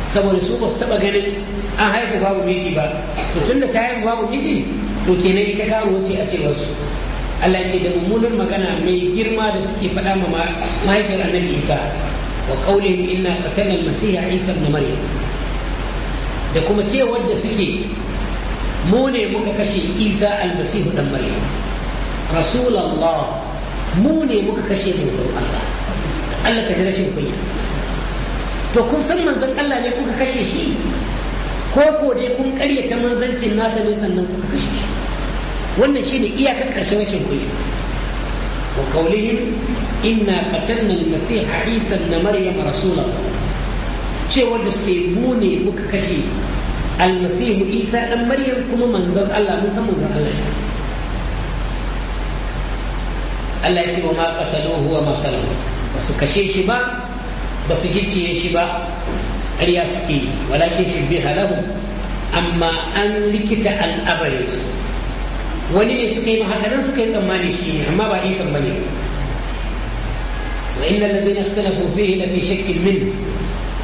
saboda su ba su taba ganin an haihu babu miji ba to tun da ta haihu babu miji to kenan ita karuwa ce a cewar su Allah ce da mummunar magana mai girma da suke faɗa ma mahaifiyar annabi isa wa qaulihim inna qatalna al-masiha isa ibn maryam da kuma cewar da suke mu ne muka kashe isa almasihu dan maryam rasulallah mu ne muka kashe manzon Allah Allah ka ji rashin kunya to kun san manzon Allah ne kuka kashe shi ko ko dai kun karyata manzancin nasa ne sannan kuka kashe shi wannan shine iyakar karshen rashin kunya wa qawlihim inna qatalna al-masih isa ibn maryam rasulallah cewa da suke mu ne muka kashe almasihu isa dan maryam kuma manzon Allah mun san manzon Allah ne Allah ya ce wa ma qataluhu wa ma salamu ba su kashe shi ba ba su gicciye shi ba har ƙarya suke yi walakin bi halahu amma an likita al'abarin su wani ne suka yi mahaɗarin suka yi tsammani shi ne amma ba isan bane wa inna alladhina ikhtalafu fihi la fi shakkin min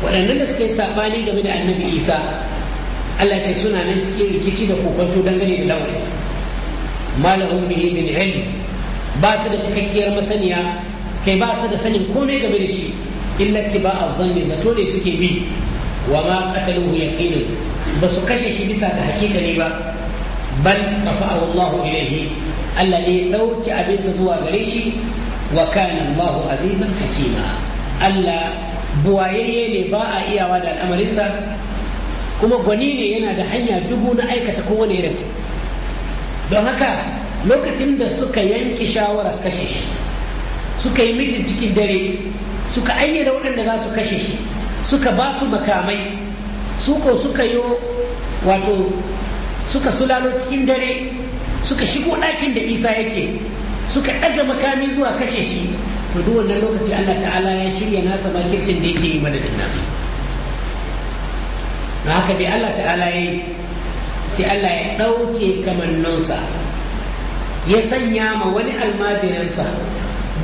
waɗannan da suka yi sabani game da annabi isa Allah ce suna nan cikin rikici da kokonto dangane da lamarinsa ma lahum bihi min ilm ba su da cikakkiyar masaniya kai ba su da sanin komai game da shi illa a azzanni zato ne suke bi wa ma qataluhu yaqinan ba su kashe shi bisa ga hakika ne ba bal rafa'ahu Allah ilayhi Allah ne dauki abin sa zuwa gare shi wa kana Allah azizan hakima Allah buwayayye ne ba a iyawa da al'amarinsa kuma gwani ne yana da hanya dubu na aikata kowane irin don haka lokacin da suka yanki shawarar kashe shi suka yi mitin cikin dare suka ayyana waɗanda za su kashe shi suka ba su makamai suko suka yi wato suka sulalo cikin dare suka shigo ɗakin da isa yake suka ɗaga makami zuwa kashe shi to duk wannan lokaci allah ta'ala ya shirya nasa makircin da yake yi madadin nasu haka dai allah ta'ala ya yi sai allah ya ɗauke kamannonsa. ya sanya ma wani almajirinsa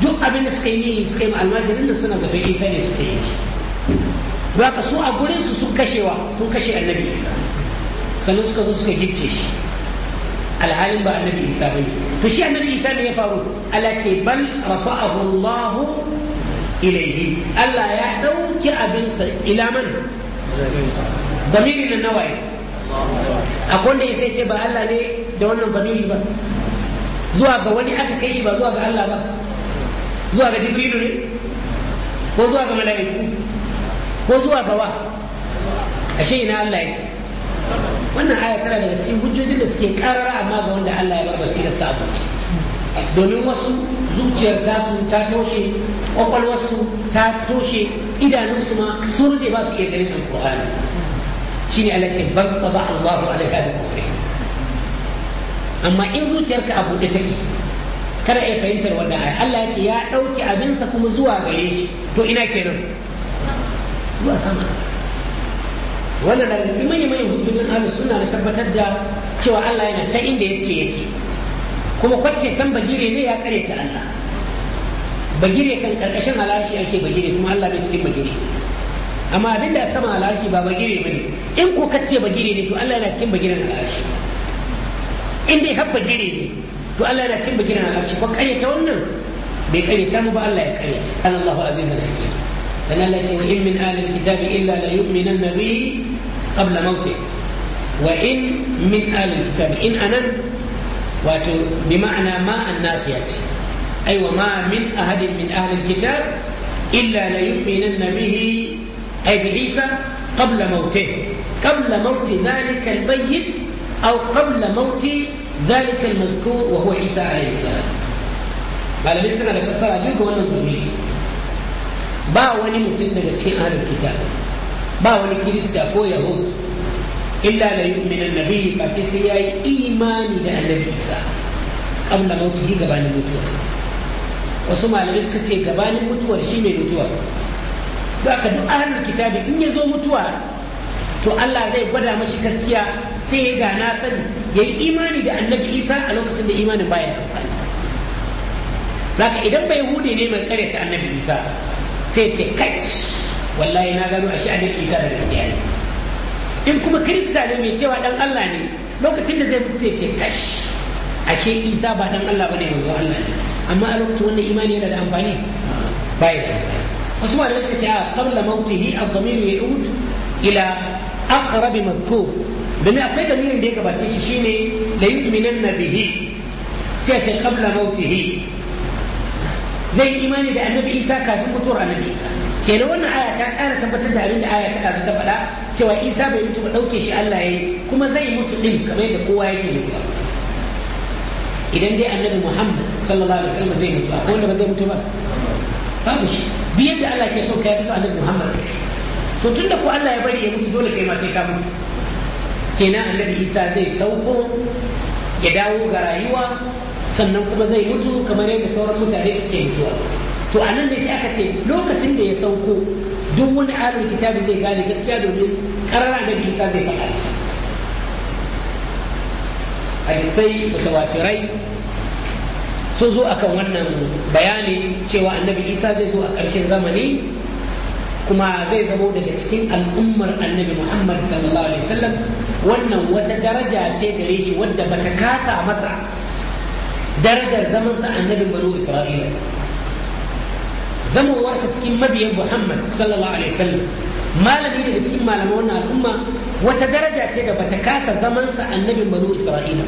duk abin da suka yi ne suka yi ma almajirin da suna zaton isa ne suka yi ba ka su a gurinsu sun kashewa sun kashe annabi isa sannan suka zo suka gicce shi alhalin ba annabi isa ba to shi annabi isa ne ya faru ala ce bal rafa'ahu allah ilaihi allah ya dauki abinsa ila man bamirin nan nawaye akwai wanda ya sai ce ba allah ne da wannan bamiri ba zuwa ga wani aka kai shi ba zuwa ga Allah ba zuwa ga jibrilu ne ko zuwa ga mala'iku ko zuwa ga wa ashe ina Allah yake wannan aya tana daga cikin hujjojin da suke karara amma ga wanda Allah ya bar basirar sa abu domin wasu zuciyar tasu ta toshe kwakwalwarsu ta toshe idanunsu ma sun rufe ba su iya ganin alƙur'ani shine Allah ce ban ba Allahu alaiha bi kufri amma in zuciyarka a buɗe take kada ya fahimtar wannan aya Allah ya ce ya ɗauki abinsa kuma zuwa gare shi to ina kenan zuwa sama wannan daga cikin manyan manyan hujjojin ahlus suna da tabbatar da cewa Allah yana ta inda ya ce yake kuma kwacce can bagire ne ya kare ta Allah bagire kan karkashin alashi ake bagire kuma Allah bai cikin bagire amma abinda sama alashi ba bagire bane in ko kace bagire ne to Allah yana cikin bagiren alashi in dai habba gire ne to Allah yana cin bikin na al'arshi ko karyata wannan bai karyata mu ba Allah ya karyata kan Allahu azizan hakim sannan Allah ce in min ahli kitabi illa la yu'minanna nabi qabla mawti wa in min ahli kitabi in anan wato bi ma'ana ma annafiya ce ai ma min ahadin min ahli kitab illa la yu'minanna nabi ay bi Isa qabla mawti qabla mawti dhalika al-bayt أو قبل موت ذلك المذكور وهو عيسى suna da قال ليس أنا فسر أبيك وأنا الدنيا ba wani mutum daga cikin ahlul kitab ba wani kirista ko yahud illa la yu'min annabi ba ce sai yayi imani da annabi isa qabla mautihi gabanin mutuwarsa wasu malamai suka ce gabanin mutuwar shi mai mutuwa aka ka duk ahlul kitabi in ya zo mutuwa to Allah zai gwada mashi gaskiya sai ya ga na sani ya yi imani da annabi isa a lokacin da imanin baya da amfani Raka idan bai hude ne mai kare ta annabi isa sai ce kai wallahi na gano a shi annabi isa da gaskiya ne in kuma kirista ne mai cewa dan allah ne lokacin da zai mutu sai ce kai ashe isa ba dan allah ba ne yanzu allah ne amma a lokacin wannan imani yana da amfani baya da amfani wasu malamai suka ce a ah, qabla mautihi ad-damir ya'ud ila aqrab mazkur domin akwai damirin da ya gabace shi shine la na bihi sai ce qabla mautihi zai yi imani da annabi isa kafin mutuwar annabi isa kenan wannan aya ta ƙara tabbatar da abin da aya ta ƙasu ta faɗa cewa isa bai mutu ba ɗauke shi allah ya yi kuma zai mutu ɗin kamar yadda kowa yake mutuwa idan dai annabi muhammad sallallahu alaihi wasallam zai mutu akwai wanda ba zai mutu ba babu shi biyar da allah ke so ka yi fi so annabi muhammad to tun da ko allah ya bari ya mutu dole kai ma sai ka mutu kenan annabi isa zai sauko ya dawo ga rayuwa sannan kuma zai mutu kamar yadda sauran mutane suke mutuwa to a nan ne sai aka ce lokacin da ya sauko duk wani arin kitabi zai gane gaskiya domin karar annabi isa zai faɗa shi hadisai tawatirai sun zo akan wannan bayani cewa annabi isa zai zo a ƙarshen zamani kuma zai zamo daga cikin al'ummar annabi muhammad sallallahu alaihi wasallam wannan wata daraja ce gare shi wadda bata kasa masa darajar zamansa annabin banu isra'ila zamowarsa cikin mabiyan muhammad sallallahu alaihi wasallam malami daga cikin malaman wannan al'umma wata daraja ce da bata kasa zamansa annabin banu isra'ila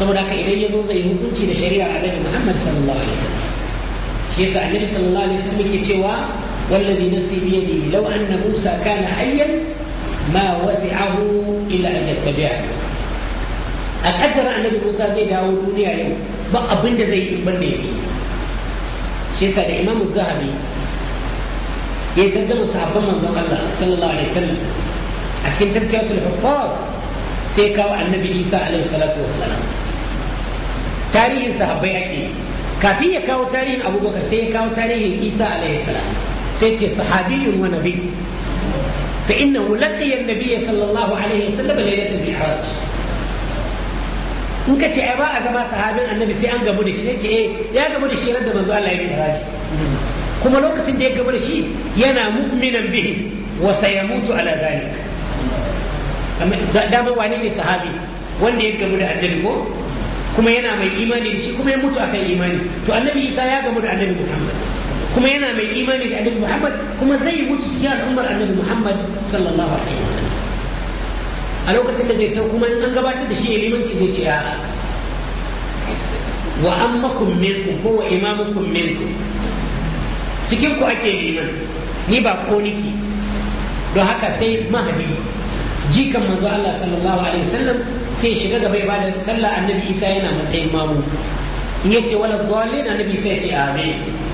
saboda haka idan ya zo zai hukunci da shari'a annabi muhammad sallallahu alaihi wasallam shi yasa annabi sallallahu alaihi wasallam yake cewa wallazi nafsi bi yadi law anna musa kana hayyan ma wasi'ahu illa an yattabi'a a kaddara annabi Musa zai dawo duniya yau ba abin zai yi ban da yake shi yasa da Imam Zahabi ya kaddara sahabban manzon Allah sallallahu alaihi wasallam a cikin tafkiyatul huffaz sai kawo annabi Isa alaihi salatu wassalam tarihin sahabbai ake kafin ya kawo tarihin Abubakar sai ya kawo tarihin Isa alaihi salam sai sahabiyun nabi فإنه لقي النبي صلى الله عليه وسلم ليلة المعراج in ka ce ai ba a zama sahabin annabi sai an gamu da shi ce eh ya gamu da shi da manzo Allah ya miraji kuma lokacin da ya gamu da shi yana mu'minan bihi wa sayamutu ala da dama wani ne sahabi wanda ya gamu da annabi ko kuma yana mai imani da shi kuma ya mutu akan imani to annabi Isa ya gamu da annabi Muhammad kuma yana mai imani da annabi Muhammad kuma zai wuce cikin al'ummar annabi Muhammad sallallahu alaihi wasallam a lokacin da zai san kuma an gabatar da shi ya limanci zai ce a'a wa ammakum minkum ko wa imamukum minkum cikin ku ake liman ni ba ko niki don haka sai mahadi jikan manzo Allah sallallahu alaihi wasallam sai shiga gaba ba da sallah annabi Isa yana matsayin mamu in yace wala dhalin annabi sai ya ce amin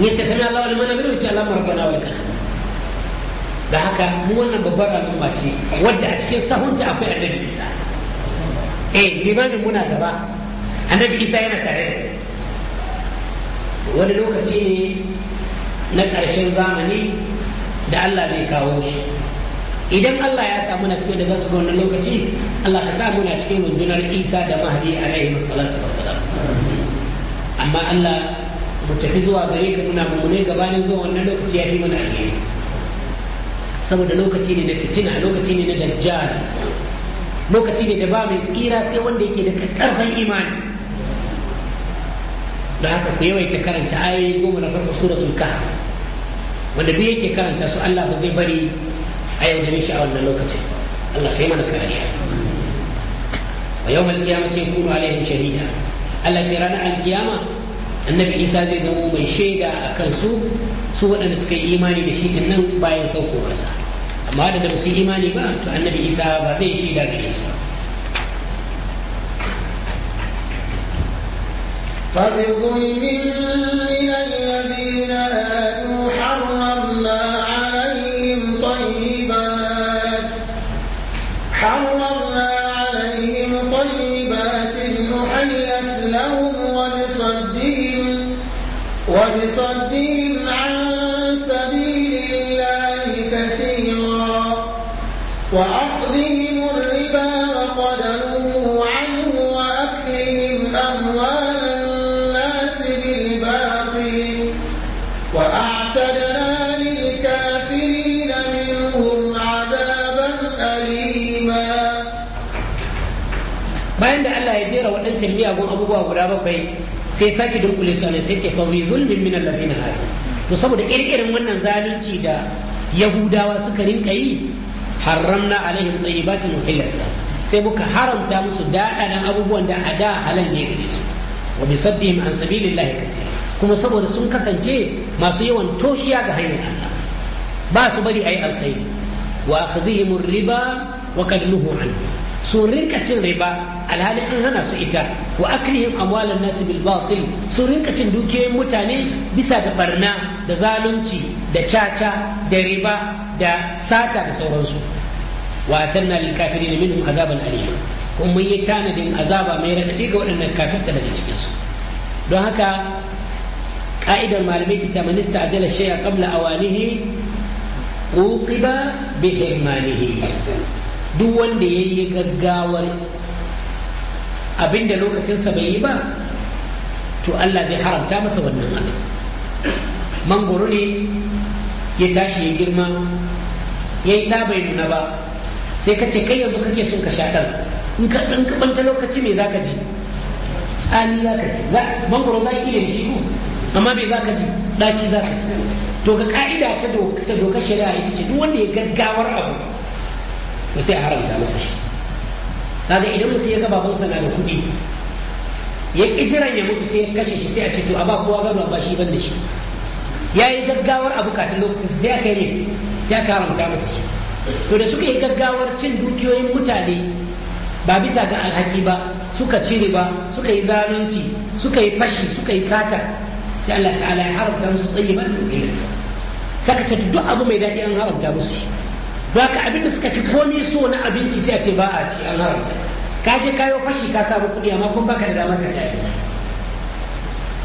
yace sami Allah wani mana ce Allah margana wa kana da haka mu wannan babbar al'umma ce wadda a cikin sahunta akwai annabi Isa eh limanin muna gaba annabi Isa yana tare wani lokaci ne na ƙarshen zamani da Allah zai kawo shi idan Allah ya samu na cikin da za su ga wannan lokaci Allah ka samu na cikin rundunar Isa da Mahdi alaihi salatu wassalam amma Allah mu tafi zuwa gare ka muna mummune gabanin zuwa wannan lokaci ya fi mana alheri saboda lokaci ne na fitina lokaci ne na dajjal lokaci ne da ba mai tsira sai wanda yake da karfan imani da haka ku yawaita karanta ayoyi goma na farko suratul kahf wanda duk yake karanta su Allah ba zai bari a yau da shi a wannan lokacin Allah kai mana kariya wa yawmal qiyamati yakunu alaihim shahida Allah ce ranar alkiyama annabi isa zai zama mai shaida a kan su su waɗanda suka yi imani da shi din nan bayan saukowarsa amma da ba su yi imani ba to annabi isa ba zai yi shaida gare su ba فبظلم من الذين هادوا حرمنا صدهم عن سبيل الله كثيرا وأخذهم الربا وقد نهوا عنه وأكلهم أموال الناس بالباطل وأعتدنا للكافرين منهم عذابا أليما bayan da Allah ya jera waɗancan miyagun abubuwa guda bakwai sai sake dunkule su anan sai ce fa zulmin min alladhina hadu to saboda kirkirin wannan zalunci da yahudawa suka rinka yi haramna alaihim tayyibatin uhillat sai muka haramta musu daɗaɗan abubuwan da a da halal ne gare su wa bi saddihim an sabilillahi kathira kuma saboda sun kasance masu yawan toshiya ga hanyar Allah ba su bari ayi alkhairi wa akhdhihim riba wa nuhu anhu su rinka cin riba alhali an hana su ita wa akrihim amwalan nasi bil batil su rinka cin dukiyoyin mutane bisa da barna da zalunci da caca da riba da sata da sauransu wa atanna lil kafirin minhum azaban alim kun mun yi tanadin azaba mai raɗaɗi ga waɗannan kafirta daga cikin su don haka ka'idar malamai kita minista ajala shay'a kabla awanihi uqiba bi hirmanihi duk wanda ya yi gaggawar abinda lokacinsa bai yi ba to Allah zai haramta masa wannan abin mangoro ne ya tashi ya girma ya yi bai nuna ba sai ka ce kai yanzu kake son ka sha in ka ɗan kaɓanta lokaci me za ka ji tsani za ka ji mangoro za ki iya shi amma me za ka ji ɗaci za ka ji to ga ka'ida ta dokar shari'a ita ce duk wanda ya gaggawar abu to sai a haramta masa shi kaga idan mutum ya ga babansa na da kuɗi ya ƙi jiran ya mutu sai ya kashe shi sai a ce to a ba kowa ga ba shi ban da shi ya yi gaggawar abu kafin lokacin sai aka yi ne sai aka haramta masa shi to da suka yi gaggawar cin dukiyoyin mutane ba bisa ga alhaki ba suka cire ba suka yi zalunci suka yi fashi suka yi sata sai Allah ta'ala ya haramta musu tsayyibatin illa saka ta duk abu mai daɗi an haramta musu shi don haka abinda suka fi komi so na abinci sai a ce ba a ci an haramta ka je kayo fashi ka samu kuɗi amma kun baka da damar ka ci abinci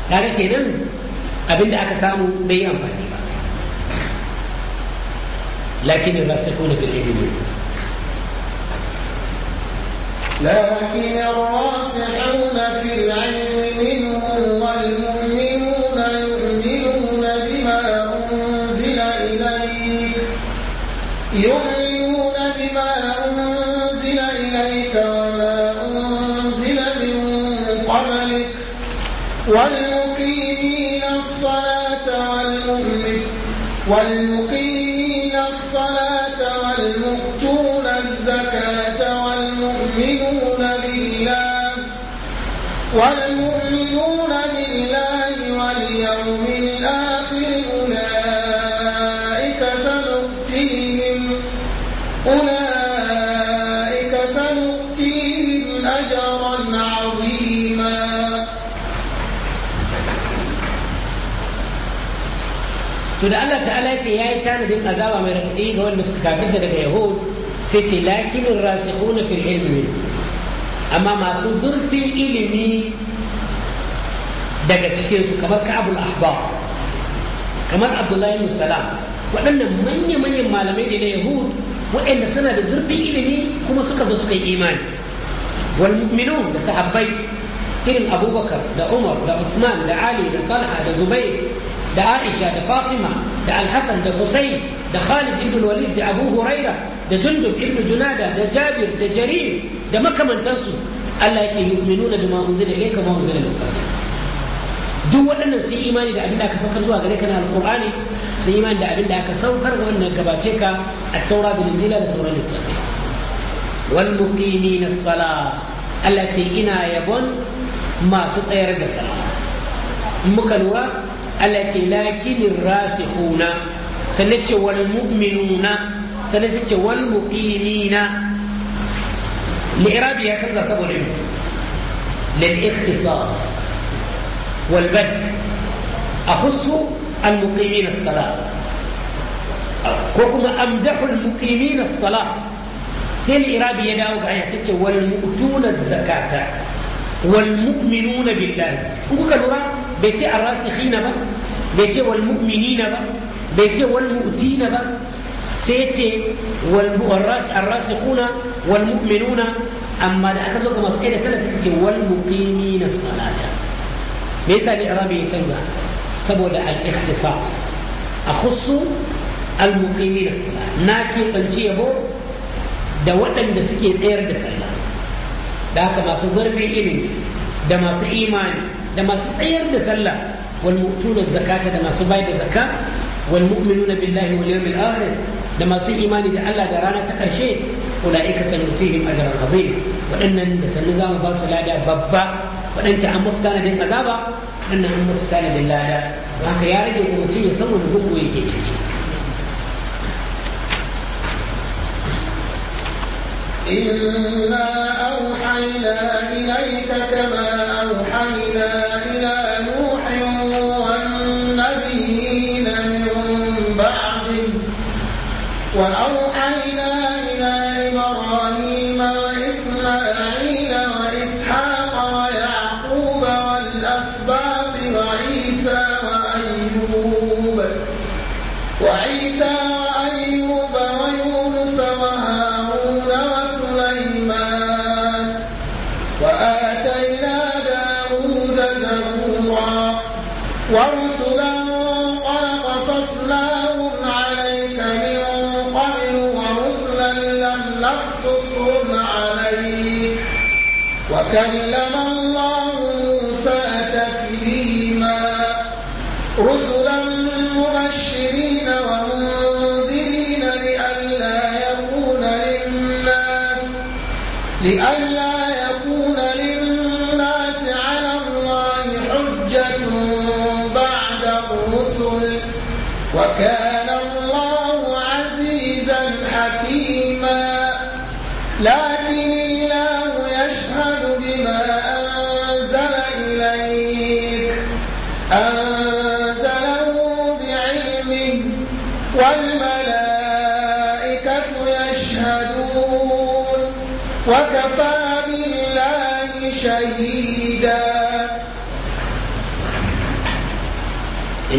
kaga kenan abinda aka samu bai yi amfani ba lakin rasikuna bil ilmi لكن الراسحون في العلم والمقيم ce ya yi tanadin azaba mai raɗaɗi ga wanda suka kafirta daga yahud sai ce lakinin rasikhuna fil ilmi amma masu zurfin ilimi daga cikinsu kamar ka'abul ahbar kamar abdullahi bin waɗannan manya-manyan malamai ne na yahud waɗanda suna da zurfin ilimi kuma suka zo suka yi imani walmuminun da sahabbai irin abubakar da umar da usman da ali da talha da zubair da aisha da fatima da alhassan da husayn da khalid ibn walid da abu huraira da jundub ibn junada da jabir da jarir da makamantansu Allah ya ce yu'minuna bima unzila ilayka wa unzila min qablik duk waɗannan sun imani da abin da aka saukar zuwa gare ka na alqur'ani sun imani da abin da aka saukar wannan gabace ka a taura da injila da sauran littafi wal muqimin as-sala Allah ce ina yabon masu tsayar da sallah muka lura التي لكن الراسخون سنتش والمؤمنون سنتش والمقيمين لإرادة تبقى سبب للإختصاص والبدء أخص المقيمين الصلاة وكما أمدح المقيمين الصلاة سيل إرابي يداو بعيا والمؤتون الزكاة والمؤمنون بالله وكما نرى bai ce arrasikhina ba bai ce wal mu'minina ba bai ce ba sai ce wal arrasikhuna wal mu'minuna amma da aka zo ga masu da sallah sai ce wal muqimina me yasa ne arabi ya canza saboda al-ikhtisas akhussu al-muqimina na ke bance yabo da waɗanda suke tsayar da sallah da haka masu zarfi ilimi da masu imani da masu tsayar da sallah wal mu'tuna zakata da masu bai da zakka wal mu'minuna billahi wal yawmil akhir da masu imani da Allah da rana ta karshe ulaika sanutihim ajran azim waɗannan da sannu za mu ba su lada babba waɗancan an musu tanadin azaba waɗannan an musu tanadin lada haka ya rage ga mutum ya san wani gungu yake ciki إنا أوحينا إليك كما أوحينا إلى نوح والنبيين من بعده وكلم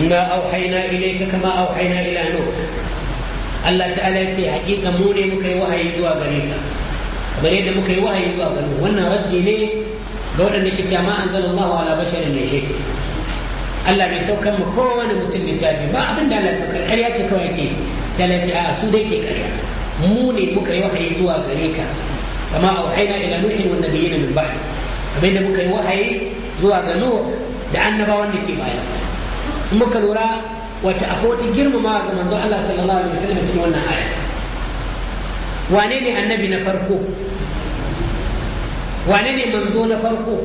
inna auhaina ilayka kama auhaina ila nuh Allah ta'ala ya ce hakika mu ne muka yi wahayi zuwa gare ka kamar yadda muka wahayi zuwa gare wannan raddi ne ga waɗanda ke cewa ma anzalallahu ala basharin min shay Allah bai saukar mu kowane mutum littafi ba abin da Allah saukar ƙarya ce kawai yake sai Allah ce a ke ƙarya mu ne wahayi zuwa gare ka kama auhaina ila nuhin wan nabiyyin min ba'd abin da muka wahayi zuwa ga da annabawan da ke bayansa muka lura wata akwai girmama ga manzo Allah sallallahu alaihi wasallam cikin wannan aya wane ne annabi na farko wane ne manzo na farko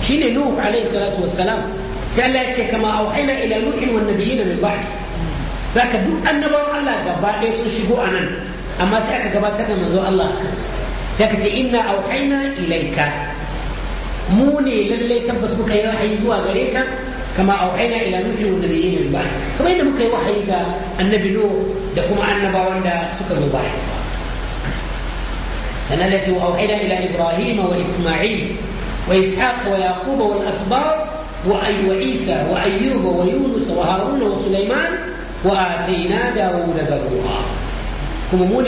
shine nuhu alaihi salatu wassalam sai Allah ya ce kama auhayna ila nuhin wan nabiyina min ba'd zaka duk annabawan Allah gaba ɗaya sun shigo anan. amma sai aka gabatar da manzo Allah a kansu sai aka ce inna auhayna ilaika mu ne lallai tabbas muka yi wahayi zuwa gare ka كما أوحينا إلى نوح والنبيين من بعد كما إن مكي وحي إذا النبي نوح دكما أن باوندا سكر مباحث سنلت وأوحينا إلى إبراهيم وإسماعيل وإسحاق ويعقوب والأسباط وأي وعيسى وأيوب ويونس وهارون وسليمان وآتينا داود زبورا kuma mu ne